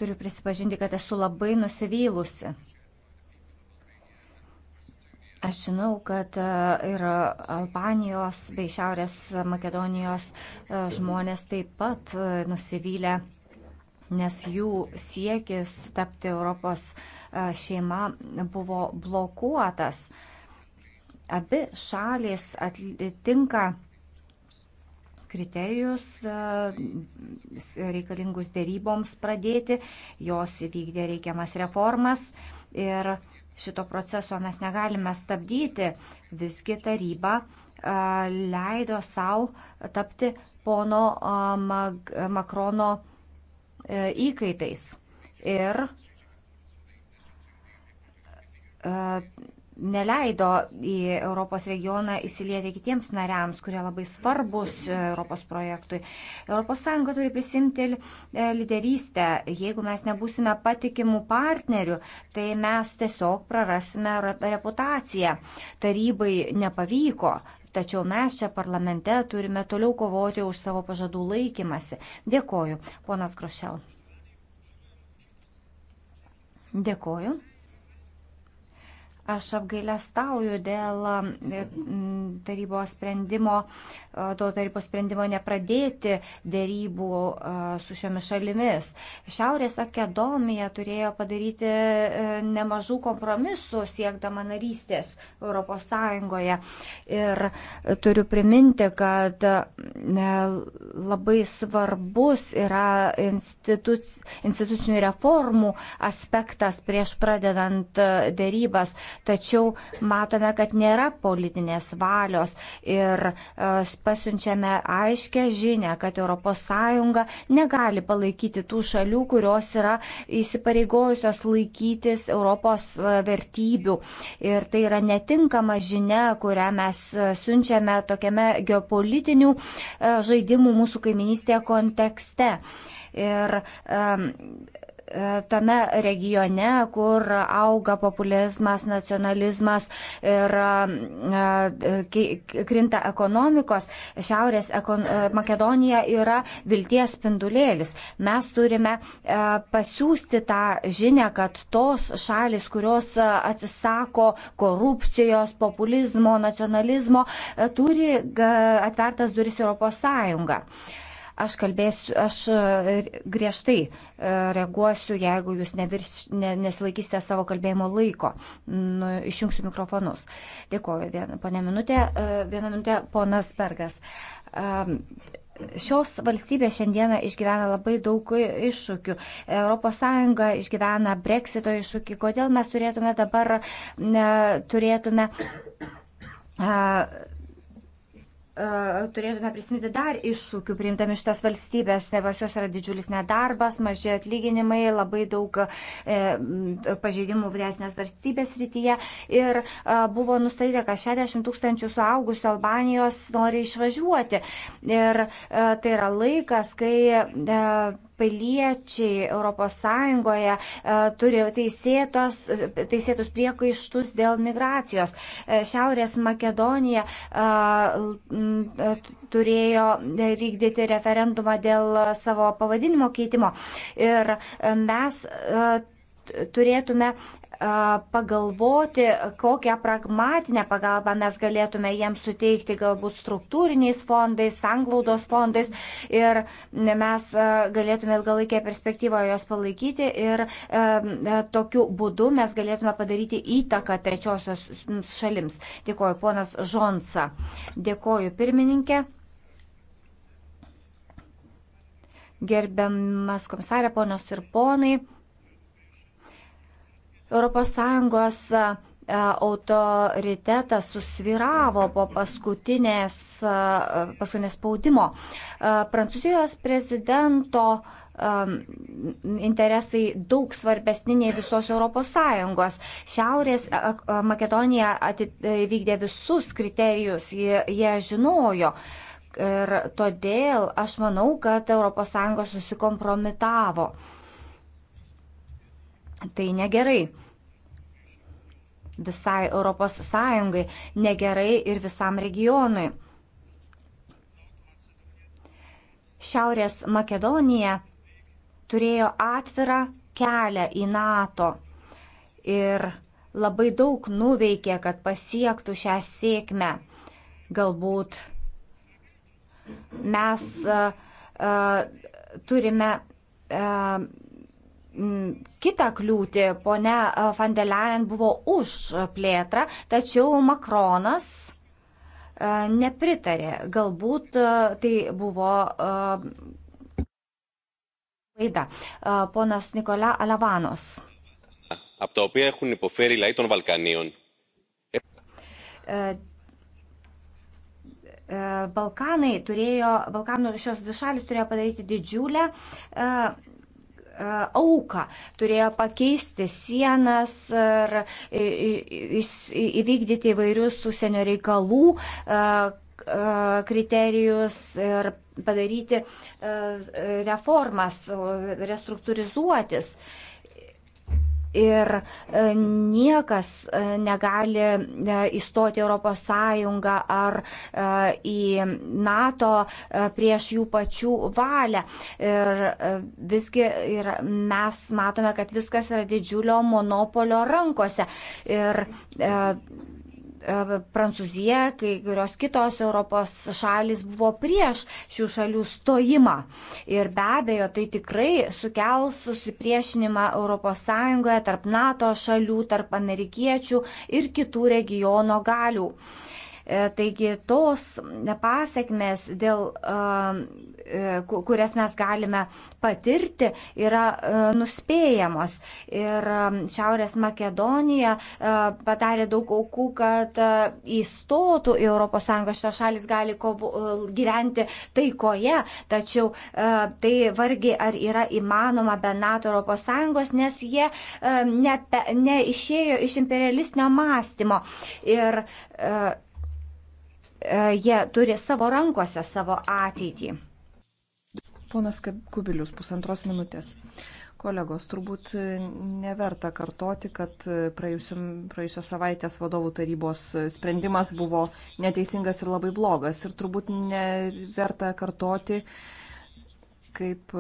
Turiu prisipažinti, kad esu labai nusivylusi. Aš žinau, kad e, ir Albanijos bei Šiaurės Makedonijos e, žmonės taip pat e, nusivylę, nes jų siekis tapti Europos šeima buvo blokuotas. Abi šalis atitinka kriterijus e, reikalingus dėryboms pradėti, jos įvykdė reikiamas reformas ir šito proceso mes negalime stabdyti. Visgi taryba e, leido savo tapti pono e, Makrono įkaitais. Ir neleido į Europos regioną įsilieti kitiems nariams, kurie labai svarbus Europos projektui. ES turi prisimti e, lyderystę. Jeigu mes nebusime patikimų partnerių, tai mes tiesiog prarasime reputaciją. Tarybai nepavyko Tačiau mes čia parlamente turime toliau kovoti už savo pažadų laikymasi. Dėkoju, ponas Grošel. Dėkoju. Aš apgailestauju dėl um, tarybos sprendimo, uh, to tarybos sprendimo nepradėti dėrybų uh, su šiomis šalimis. Šiaurės Akedomija turėjo padaryti uh, nemažų kompromisų siekdama narystės ES. Ir turiu priminti, kad labai svarbus yra instituc, institucinių reformų aspektas prieš pradedant dėrybas tačiau matome, kad nėra politinės valios ir e, pasiunčiame aiškę žinę, kad ES negali palaikyti tų šalių, kurios yra įsipareigojusios laikytis Europos e, vertybių. Ir tai yra netinkama žinia, kurią mes e, siunčiame tokiame geopolitinių žaidimų mūsų kaiminystėje kontekste. Ir um, E, tame regione, kur auga populizmas, nacionalizmas ir e, krinta ekonomikos, Šiaurės ekon e, Makedonija yra vilties spindulėlis. Mes turime pasiūsti tą žinę, kad tos šalis, kurios atsisako korupcijos, populizmo, nacionalizmo, turi atvertas duris Europos Sąjungą. Aš kalbėsiu, aš e, griežtai e, reaguosiu, jeigu jūs nevirš, ne, nesilaikysite savo kalbėjimo laiko. Nu, išjungsiu mikrofonus. Dėkuoju, vien, ponė minutė. E, Vieną minutę, ponas Bergas. Šios valstybės šiandieną išgyvena labai daug iššūkių. ES išgyvena breksito iššūkį. Kodėl mes turėtume dabar, ne, turėtume. A, E, turėtume prisiminti dar iššūkių priimtami šitas valstybės, nes jos yra didžiulis nedarbas, maži atlyginimai, labai daug e, pažeidimų vyresnės valstybės rytyje. Ir e, buvo nustatyta, kad 60 tūkstančių suaugusių Albanijos nori išvažiuoti. Ir e, tai yra laikas, kai. E, piliečiai ES e, turi teisėtos, teisėtus priekaištus dėl migracijos. E, Šiaurės Makedonija e, turėjo vykdyti referendumą dėl savo pavadinimo keitimo. Ir mes turėtume pagalvoti, kokią pragmatinę pagalbą mes galėtume jiems suteikti, galbūt struktūriniais fondais, sanglaudos fondais ir mes galėtume ilgalaikėje perspektyvoje juos palaikyti ir tokiu būdu mes galėtume padaryti įtaką trečiosios šalims. Dėkuoju, ponas Žonsa. Dėkuoju, pirmininkė. Gerbiamas komisarė, ponios ir ponai. ES autoritetas susviravo po paskutinės, paskutinės spaudimo. Prancūzijos prezidento interesai daug svarbesni nei visos ES. Šiaurės Makedonija vykdė visus kriterijus, jie, jie žinojo. Ir todėl aš manau, kad ES susikompromitavo. Uh, Tai negerai. Visai Europos Sąjungai negerai ir visam regionui. Šiaurės Makedonija turėjo atvirą kelią į NATO ir labai daug nuveikė, kad pasiektų šią sėkmę. Galbūt mes uh, uh, turime uh, Kita kliūtė, ponia e, van der Leyen buvo už plėtrą, tačiau Makronas e, nepritarė. Galbūt e, tai buvo klaida. Ponas Nikola Alavanos. Από τα οποία έχουν υποφέρει οι λαοί των Βαλκανίων. Balkanai turėjo, Balkanų šios dvi šalis turėjo padaryti didžiulę uh, E, auką, turėjo pakeisti sienas ir įvykdyti įvairius užsienio reikalų e, e, kriterijus ir padaryti reformas, restruktūrizuotis ir e, niekas e, negali e, įstoti Europos Sąjungą ar į NATO prieš jų pačių valią. Ir visgi ir mes matome, kad viskas yra didžiulio monopolio rankose. Ir, E, Prancūzija, kai kurios kitos Europos šalis buvo prieš šių šalių stojimą. Ir be abejo, tai tikrai sukels susipriešinimą ES tarp NATO šalių, tarp amerikiečių ir kitų regiono galių. Uh, E, taigi tos pasiekmes, dėl, e, e, kurias mes galime patirti, yra nuspėjamos. Ir Šiaurės Makedonija padarė daug aukų, kad įstotų į ES. Šios šalis gali kovo, gyventi taikoje, tačiau tai vargiai ar yra įmanoma be NATO ES, nes jie neišėjo ne iš imperialistinio mąstymo. Ir, uh, E, jie turi savo rankose savo ateitį. Ponas Kubilius, pusantros minutės. Kolegos, turbūt neverta kartoti, kad praėjusios savaitės vadovų tarybos sprendimas buvo neteisingas ir labai blogas. Ir turbūt neverta kartoti, kaip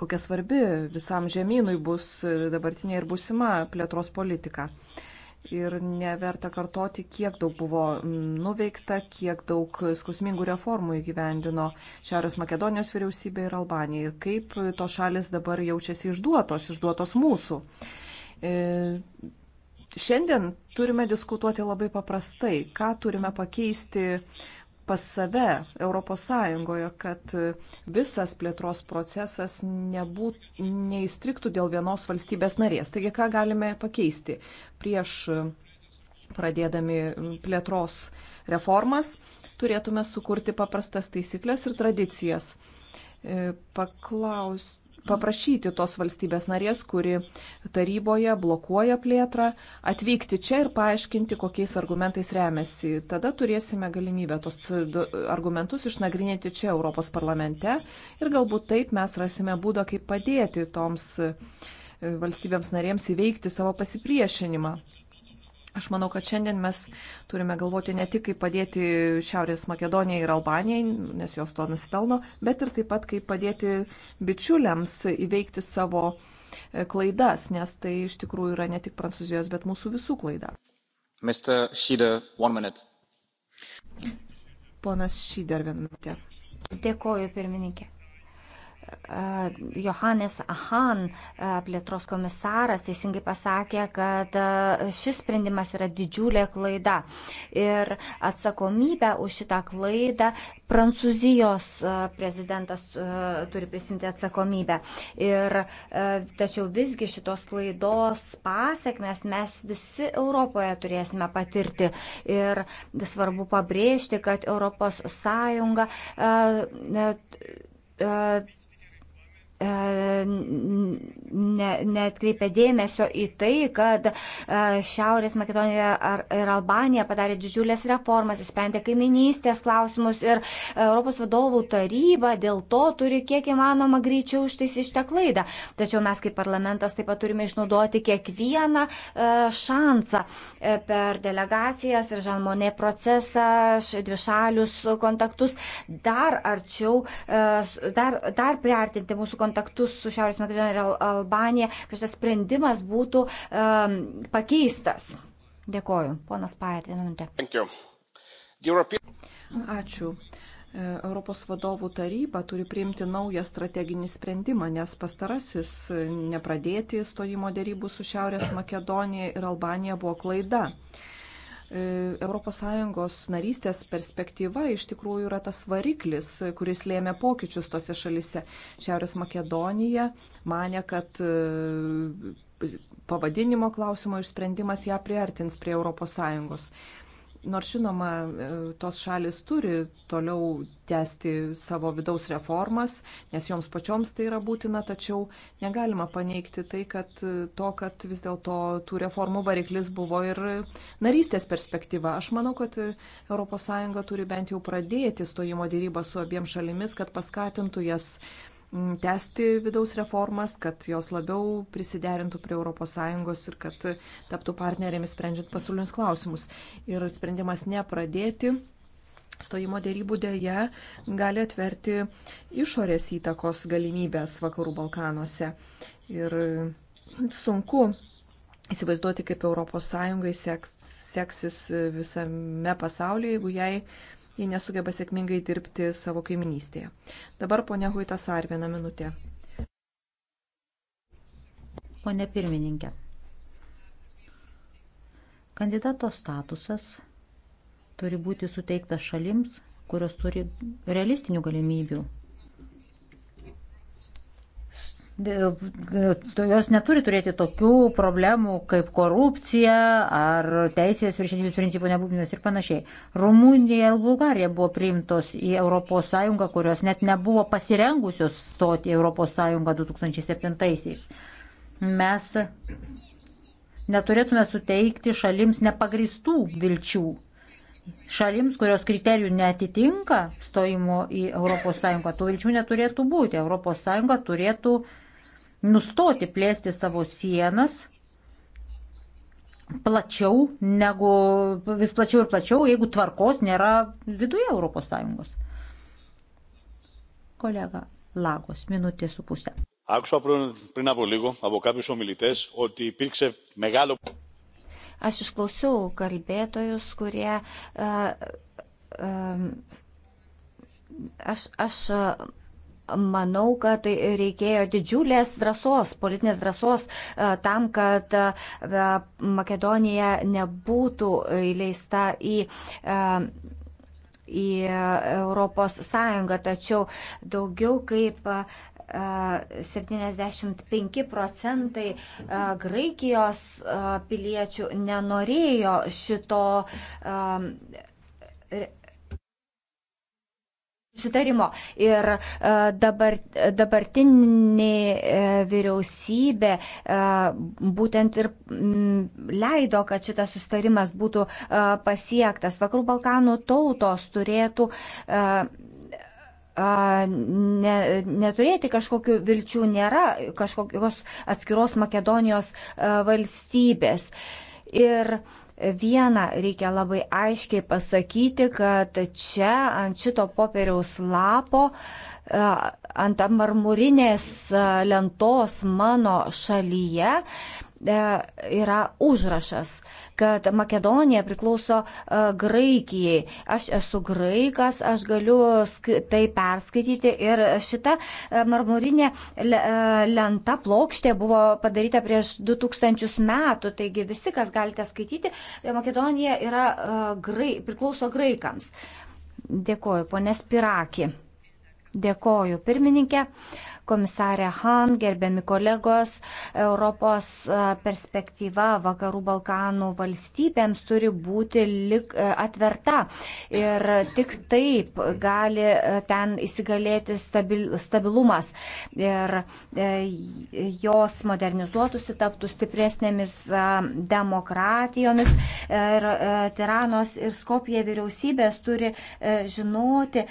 kokia svarbi visam žemynui bus dabartinė ir būsima plėtros politika ir neverta kartoti, kiek daug buvo nuveikta, kiek daug skausmingų reformų įgyvendino Šiaurės Makedonijos vyriausybė ir Albanija ir kaip tos šalis dabar jaučiasi išduotos, išduotos mūsų. E, šiandien turime diskutuoti labai paprastai, ką turime pakeisti pas save Europos Sąjungoje, kad visas plėtros procesas nebūt, neįstriktų dėl vienos valstybės narės. Taigi, ką galime pakeisti prieš pradėdami plėtros reformas, turėtume sukurti paprastas taisyklės ir tradicijas. Paklausti paprašyti tos valstybės narės, kuri taryboje blokuoja plėtrą, atvykti čia ir paaiškinti, kokiais argumentais remiasi. Tada turėsime galimybę tos argumentus išnagrinėti čia Europos parlamente ir galbūt taip mes rasime būdą, kaip padėti toms e, valstybėms narėms įveikti savo pasipriešinimą. Aš manau, kad šiandien mes turime galvoti ne tik, kaip padėti Šiaurės Makedonijai ir Albanijai, nes jos to nusipelno, bet ir taip pat, kaip padėti bičiuliams įveikti savo e, klaidas, nes tai iš tikrųjų yra ne tik Prancūzijos, bet mūsų visų klaida. Schieder, Ponas Šyder, vieną minutę. Dėkoju, pirmininkė. Johannes Ahan, plėtros komisaras, teisingai pasakė, kad šis sprendimas yra didžiulė klaida. Ir atsakomybę už šitą klaidą Prancūzijos prezidentas turi prisimti atsakomybę. Ir tačiau visgi šitos klaidos pasiekmes mes visi Europoje turėsime patirti. Ir svarbu pabrėžti, kad ES E, ne, netkreipia dėmesio į tai, kad e, Šiaurės Makedonija ir Albanija padarė didžiulės reformas, įsprendė kaiminystės klausimus ir Europos vadovų taryba dėl to turi kiek įmanoma greičiau užtaisyti šitą klaidą. Tačiau mes kaip parlamentas taip pat turime išnaudoti kiekvieną e, šansą per delegacijas ir žalmonė procesą, dvišalius kontaktus, dar arčiau, dar, dar priartinti mūsų kontaktus kontaktus su Šiaurės Makedonija ir Albanija, kad šitas sprendimas būtų um, pakeistas. Dėkoju. Ponas Paėt, vieną minutę. Ačiū. E, Europos vadovų taryba turi priimti naują strateginį sprendimą, nes pastarasis e, nepradėti stojimo dėrybų su Šiaurės Makedonija ir Albanija buvo klaida. ES narystės perspektyva iš tikrųjų yra tas variklis, kuris lėmė pokyčius tose šalise. Šiaurės Makedonija mane, kad e, pavadinimo klausimo išsprendimas ją priartins prie ES. Nors žinoma, e, tos šalis turi toliau tęsti savo vidaus reformas, nes joms pačioms tai yra būtina, tačiau negalima paneigti tai, kad e, to, kad vis dėlto tų reformų variklis buvo ir narystės perspektyva. Aš manau, kad ES turi bent jau pradėti stojimo dėrybą su abiem šalimis, kad paskatintų jas Mm, tęsti vidaus reformas, kad jos labiau prisiderintų prie ES ir kad taptų partnerėmis sprendžiant pasaulinius klausimus. Ir sprendimas nepradėti stojimo dėrybų dėje gali atverti išorės įtakos galimybės Vakarų Balkanuose. Ir sunku įsivaizduoti, kaip ES seks, seksis visame pasaulyje, jeigu jai jei nesugeba sėkmingai dirbti savo kaiminystėje. Dabar ponia Huitasar vieną minutę. Pone pirmininkė. Kandidato statusas turi būti suteiktas šalims, kurios turi realistinių galimybių E, jos neturi turėti tokių problemų kaip korupcija ar teisės viršinybės principų nebūtinas ir panašiai. Rumunija ir Bulgarija buvo priimtos į ES, kurios net nebuvo pasirengusios stoti į ES 2007-aisiais. Mes neturėtume suteikti šalims nepagristų vilčių. Šalims, kurios kriterijų netitinka stojimo į ES, tų vilčių neturėtų būti. ES turėtų nustoti plėsti savo sienas plačiau negu vis plačiau ir plačiau, jeigu tvarkos nėra viduje ES. Kolega Lagos, minutė su pusė. Άκουσα πριν από λίγο από κάποιους ομιλητές ότι υπήρξε μεγάλο... Aš išklausiau kalbėtojus, kurie... Uh, uh, aš, aš uh, Manau, kad reikėjo didžiulės drąsos, politinės drąsos e, tam, kad e, e, Makedonija nebūtų įleista į į Europos Sąjungą, tačiau daugiau kaip 75 procentai Graikijos piliečių nenorėjo šito sutarimo. Ir e, dabar, dabartinė e, vyriausybė e, būtent ir leido, kad šitas sustarimas būtų pasiektas. Vakarų Balkanų tautos turėtų ne, neturėti kažkokių vilčių, nėra kažkokios atskiros Makedonijos valstybės. Ir uh, Viena reikia labai aiškiai pasakyti, kad čia ant šito popieriaus lapo, e, ant marmurinės lentos mano šalyje E, yra užrašas, kad Makedonija priklauso e, Graikijai. Aš esu graikas, aš galiu tai perskaityti ir šita e, marmurinė lenta plokštė buvo padaryta prieš 2000 metų, taigi visi, kas galite skaityti, Makedonija yra, grai, priklauso graikams. Dėkoju, ponė Spiraki. Dėkoju, pirmininkė. Uh, komisarė Han, gerbiami kolegos, Europos e, perspektyva Vakarų Balkanų valstybėms turi būti lik, e, atverta. Ir tik taip gali e, ten įsigalėti stabil, stabilumas. Ir jos modernizuotųsi, taptų stipresnėmis demokratijomis. Ir Tiranos ir Skopje vyriausybės turi žinoti,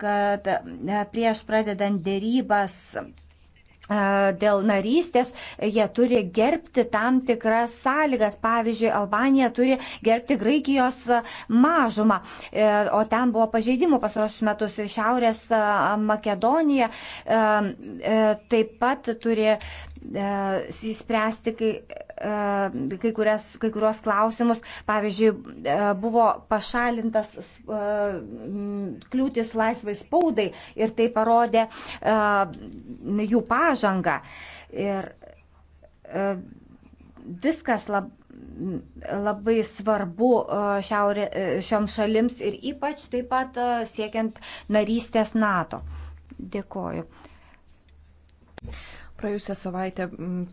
kad prieš pradedant dėrybas dėl narystės, jie turi gerbti tam tikras sąlygas. Pavyzdžiui, Albanija turi gerbti Graikijos mažumą, e, o ten buvo pažeidimų pasarosius metus ir Šiaurės Makedonija e, taip pat turi įspręsti e, kai, e, kai, kurias, kai kurios klausimus. Pavyzdžiui, e, buvo pašalintas kliūtis laisvai spaudai ir tai parodė jų pažangą. Ir viskas lab, labai svarbu šiaurė, šioms šalims ir ypač taip pat siekiant narystės NATO. Dėkoju. Praėjusią savaitę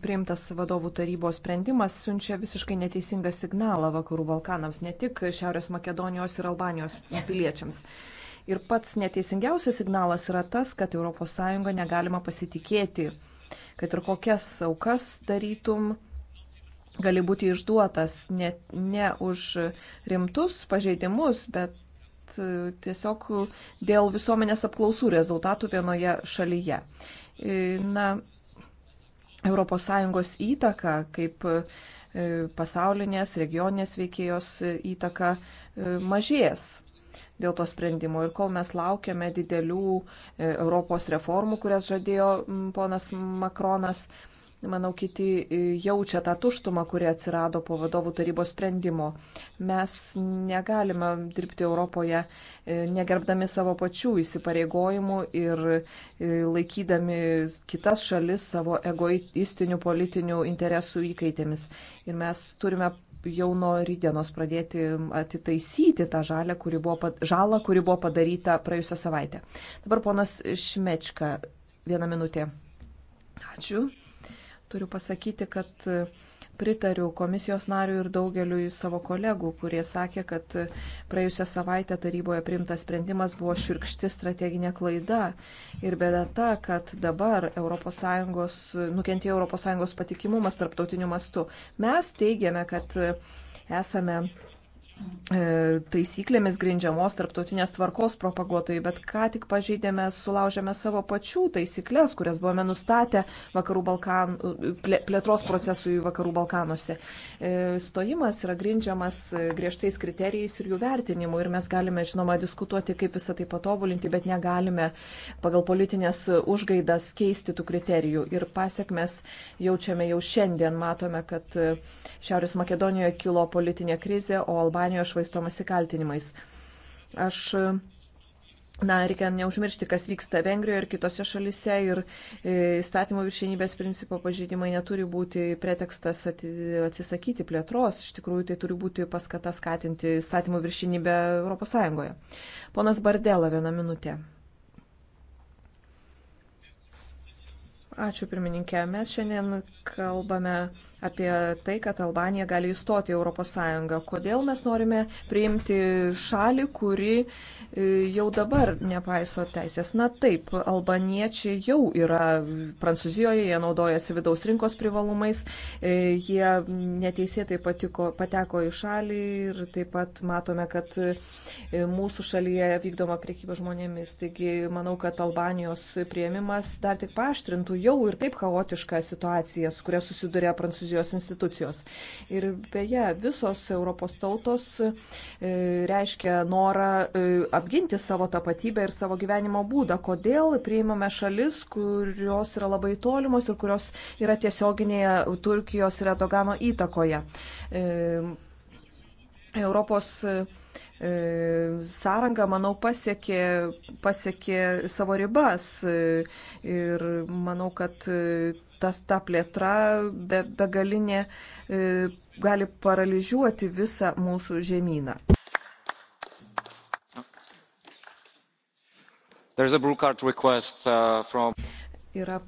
priimtas vadovų tarybos sprendimas siunčia visiškai neteisingą signalą Vakarų Balkanams, ne tik Šiaurės Makedonijos ir Albanijos piliečiams. Ir pats neteisingiausias signalas yra tas, kad ES negalima pasitikėti, kad ir kokias aukas darytum, gali būti išduotas ne, ne už rimtus pažeidimus, bet e, tiesiog dėl visuomenės apklausų rezultatų vienoje šalyje. E, na, ES įtaką kaip e, pasaulinės regioninės veikėjos e, įtaka e, mažės dėl to sprendimo. Ir kol mes laukiame didelių Europos reformų, kurias žadėjo ponas Makronas, Manau, kiti e, jaučia tą tuštumą, kuri atsirado po vadovų tarybos sprendimo. Mes negalime dirbti Europoje e, negerbdami savo pačių įsipareigojimų ir e, laikydami kitas šalis savo egoistinių politinių interesų įkaitėmis. Ir mes turime jau nuo rydienos pradėti atitaisyti tą žalę, kuri buvo, žalą, kuri buvo padaryta praėjusią savaitę. Dabar ponas Šmečka, vieną minutę. Ačiū. Turiu pasakyti, kad e, pritariu komisijos nariui ir daugeliui savo kolegų, kurie sakė, kad e, praėjusią savaitę taryboje primtas sprendimas buvo širkšti strateginė klaida. Ir bėda ta, kad dabar ES, nukentėjo ES patikimumas tarptautiniu mastu. Mes teigiame, kad e, esame E, taisyklėmis grindžiamos tarptautinės tvarkos propaguotojai, bet ką tik pažeidėme, sulaužėme savo pačių taisyklės, kurias buvome nustatę vakarų Balkan, plėtros procesui vakarų Balkanuose. E, stojimas yra grindžiamas griežtais kriterijais ir jų vertinimu ir mes galime, žinoma, diskutuoti, kaip visą tai patobulinti, bet negalime pagal politinės užgaidas keisti tų kriterijų ir pasiekmes jaučiame jau šiandien, matome, kad Šiaurės Makedonijoje kilo politinė krizė, o Albanija Ispanijoje švaistomasi kaltinimais. Aš, na, reikia neužmiršti, kas vyksta Vengrijoje ir kitose šalise ir e, įstatymų viršienybės principo pažydimai neturi būti pretekstas atsisakyti plėtros, iš tikrųjų tai turi būti paskata skatinti įstatymų viršienybę ES. Ponas Bardela, vieną minutę. Ačiū pirmininkė. Mes šiandien kalbame apie tai, kad Albanija gali įstoti į ES. Kodėl mes norime priimti šalį, kuri E, jau dabar nepaiso teisės. Na taip, albaniečiai jau yra Prancūzijoje, jie naudojasi vidaus rinkos privalumais, e, jie neteisėtai patiko, pateko į šalį ir taip pat matome, kad e, mūsų šalyje vykdoma priekyba žmonėmis. Taigi manau, kad Albanijos prieimimas dar tik paaštrintų jau ir taip chaotišką situaciją, su kuria susiduria Prancūzijos institucijos. Ir beje, visos Europos tautos reiškia norą apginti savo tapatybę ir savo gyvenimo būdą. Kodėl priimame šalis, kurios yra labai tolimos ir kurios yra tiesioginėje Turkijos ir Erdogano įtakoje. E, Europos e, sąranga, manau, pasiekė, pasiekė savo ribas e, ir manau, kad tas ta plėtra be, begalinė gali paralyžiuoti visą mūsų žemyną. Uh, from... Yra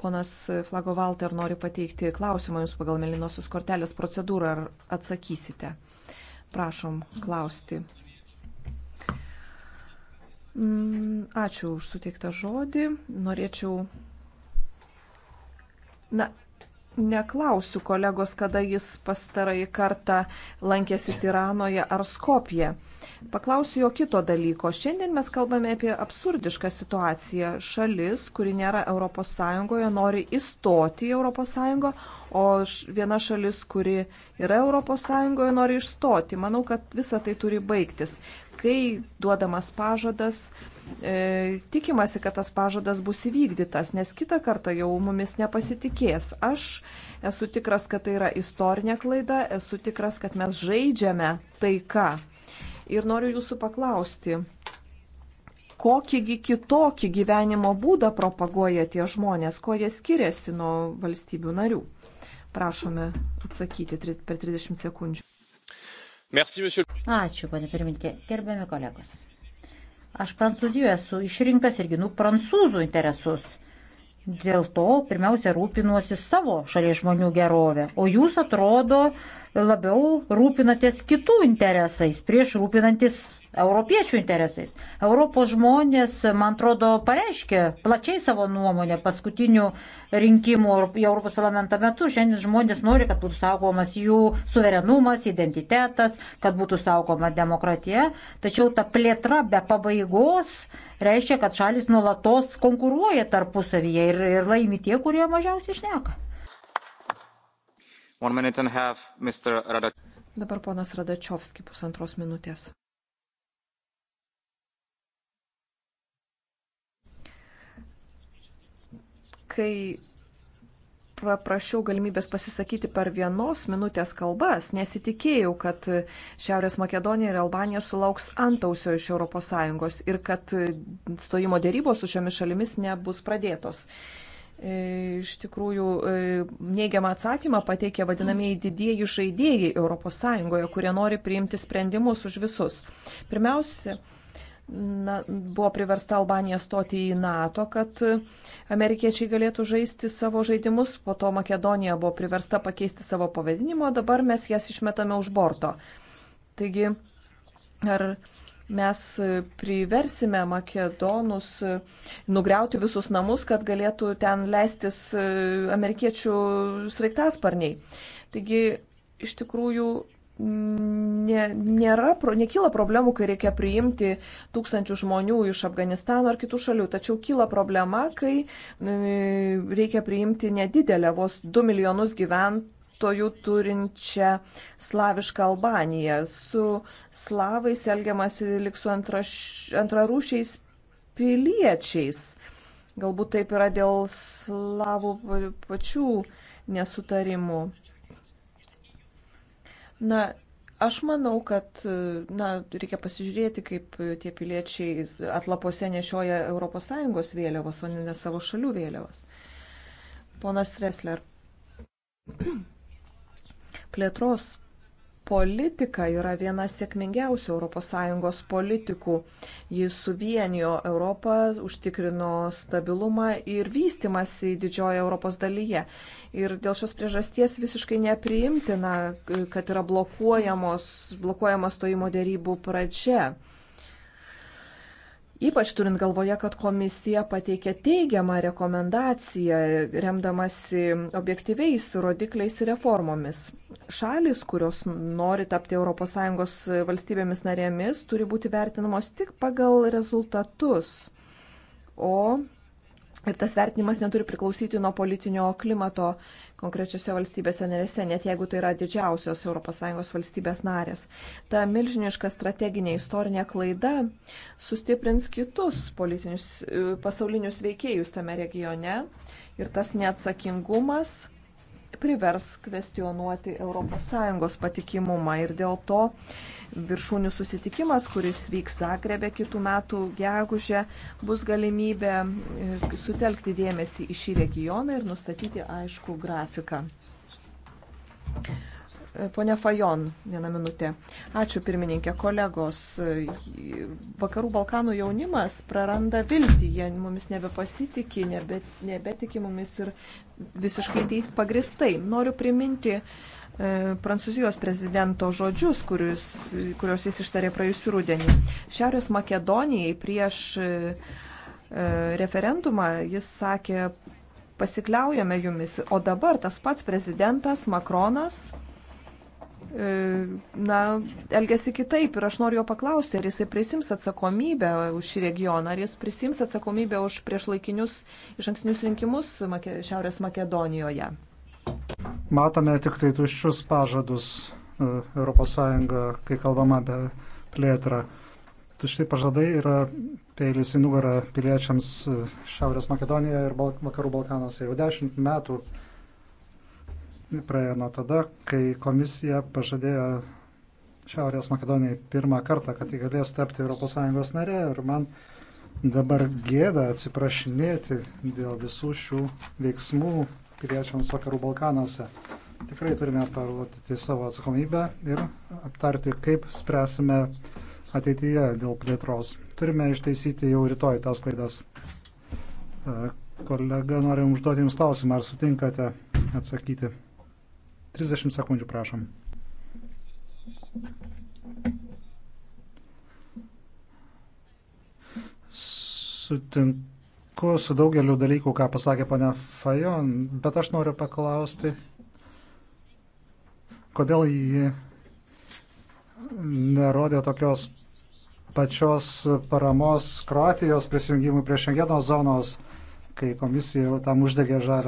ponas Flagovalter nori pateikti klausimą jums pagal Melinosios kortelės procedūrą. Ar atsakysite? Prašom klausti. Mm, ačiū už suteiktą žodį. Norėčiau. Na, neklausiu kolegos, kada jis pastarąjį kartą lankėsi Tiranoje ar Skopje. Paklausiu jo kito dalyko. Šiandien mes kalbame apie absurdišką situaciją. Šalis, kuri nėra ES, nori įstoti į ES, o viena šalis, kuri yra ES, nori išstoti. Manau, kad visa tai turi baigtis kai duodamas pažadas, e, tikimasi, kad tas pažadas bus įvykdytas, nes kitą kartą jau mumis nepasitikės. Aš esu tikras, kad tai yra istorinė klaida, esu tikras, kad mes žaidžiame taiką. Ir noriu jūsų paklausti, kokįgi kitokį gyvenimo būdą propaguoja tie žmonės, kuo jie skiriasi nuo valstybių narių. Prašome atsakyti per 30 sekundžių. Merci, monsieur... Ačiū, ponė pirmininkė. Gerbiami kolegos. Aš Prancūzijoje esu išrinktas ir ginu prancūzų interesus. Dėl to pirmiausia rūpinuosi savo šalies žmonių gerovę, o jūs atrodo labiau rūpinatės kitų interesais prieš rūpinantis europiečių interesais. Europos žmonės, man atrodo, pareiškė plačiai savo nuomonę paskutinių rinkimų į Europos parlamentą metu. Šiandien žmonės nori, kad būtų saugomas jų suverenumas, identitetas, kad būtų saugoma demokratija. Tačiau ta plėtra be pabaigos reiškia, kad šalis nuolatos konkuruoja tarpusavyje ir, ir laimi tie, kurie mažiausiai išneka. Half, Dabar ponas Radačiovski pusantros minutės. kai paprašiau galimybės pasisakyti per vienos minutės kalbas, nesitikėjau, kad Šiaurės Makedonija ir Albanija sulauks antausio iš ES ir kad stojimo dėrybos su šiomis šalimis nebus pradėtos. E, iš tikrųjų, e, neigiamą atsakymą pateikė vadinamieji didieji žaidėjai ES, kurie nori priimti sprendimus už visus. Pirmiausia, na, buvo priversta Albanija stoti į NATO, kad amerikiečiai galėtų žaisti savo žaidimus, po to Makedonija buvo priversta pakeisti savo pavadinimą, dabar mes jas išmetame už borto. Taigi, ar mes priversime makedonus nugriauti visus namus, kad galėtų ten leistis amerikiečių sraigtasparniai. Taigi, iš tikrųjų, nėra, nekyla problemų, kai reikia priimti tūkstančių žmonių iš Afganistano ar kitų šalių, tačiau kyla problema, kai e, reikia priimti nedidelę, vos 2 milijonus gyventojų turinčią slavišką Albaniją. Su slavais elgiamasi lik su antraš, antrarūšiais piliečiais. Galbūt taip yra dėl slavų pačių nesutarimų. Na, aš manau, kad na, reikia pasižiūrėti, kaip tie piliečiai atlapose nešioja ES vėliavos, o ne savo šalių vėliavas. Ponas Resler. Plėtros politika yra viena sėkmingiausių ES politikų. Jis suvienijo Europą, užtikrino stabilumą ir vystimasi didžiojo Europos dalyje. Ir dėl šios priežasties visiškai nepriimtina, kad yra blokuojamas stojimo dėrybų pradžia. Ypač turint galvoje, kad komisija pateikė teigiamą rekomendaciją, remdamasi objektyviais rodikliais ir reformomis. Šalis, kurios nori tapti ES valstybėmis narėmis, turi būti vertinamos tik pagal rezultatus. O ir tas vertinimas neturi priklausyti nuo politinio klimato konkrečiose valstybėse narėse, net jeigu tai yra didžiausios ES valstybės narės. Ta milžiniška strateginė istorinė klaida sustiprins kitus politinius e, pasaulinius veikėjus tame regione ir tas neatsakingumas privers kvestionuoti ES patikimumą. Ir dėl to viršūnių susitikimas, kuris vyks Zagrebė kitų metų gegužę, bus galimybė e, sutelkti dėmesį į šį regioną ir nustatyti aišku grafiką. Pone Fajon, vieną minutę. Ačiū pirmininkė, kolegos. Vakarų Balkanų jaunimas praranda viltį, jie mumis nebepasitikė, nebe, nebetiki mumis ir visiškai teis pagristai. Noriu priminti e, Prancūzijos prezidento žodžius, kurius, kuriuos jis ištarė praėjusį rudenį. Šiaurės Makedonijai prieš e, e referendumą jis sakė, pasikliaujame jumis, o dabar tas pats prezidentas Makronas E, na, elgesi kitaip ir aš noriu jo paklausti, ar jisai prisims atsakomybę už šį regioną, ar jis prisims atsakomybę už priešlaikinius iš ankstinius rinkimus Make Šiaurės Makedonijoje. Matome tik tai tuščius pažadus ES, kai kalbama apie plėtrą. Tušti pažadai yra peilis į nugarą piliečiams e, Šiaurės Makedonijoje ir Vakarų Balkanuose jau dešimt metų praėjo nuo tada, kai komisija pažadėjo Šiaurės Makedonijai pirmą kartą, kad ji galės tapti ES nare. Ir man dabar gėda atsiprašinėti dėl visų šių veiksmų piliečiams Vakarų Balkanuose. Tikrai turime parodyti savo atsakomybę ir aptarti, kaip spręsime ateityje dėl plėtros. Turime išteisyti jau rytoj tas klaidas. Kolega, norim užduoti Jums klausimą, ar sutinkate atsakyti. 30 sekundžių prašom. Sutinku su daugeliu dalykų, ką pasakė ponia Fajon, bet aš noriu paklausti, kodėl ji nerodė tokios pačios paramos Kroatijos prisijungimui prie Šengeno zonos, kai komisija tam uždegė žalę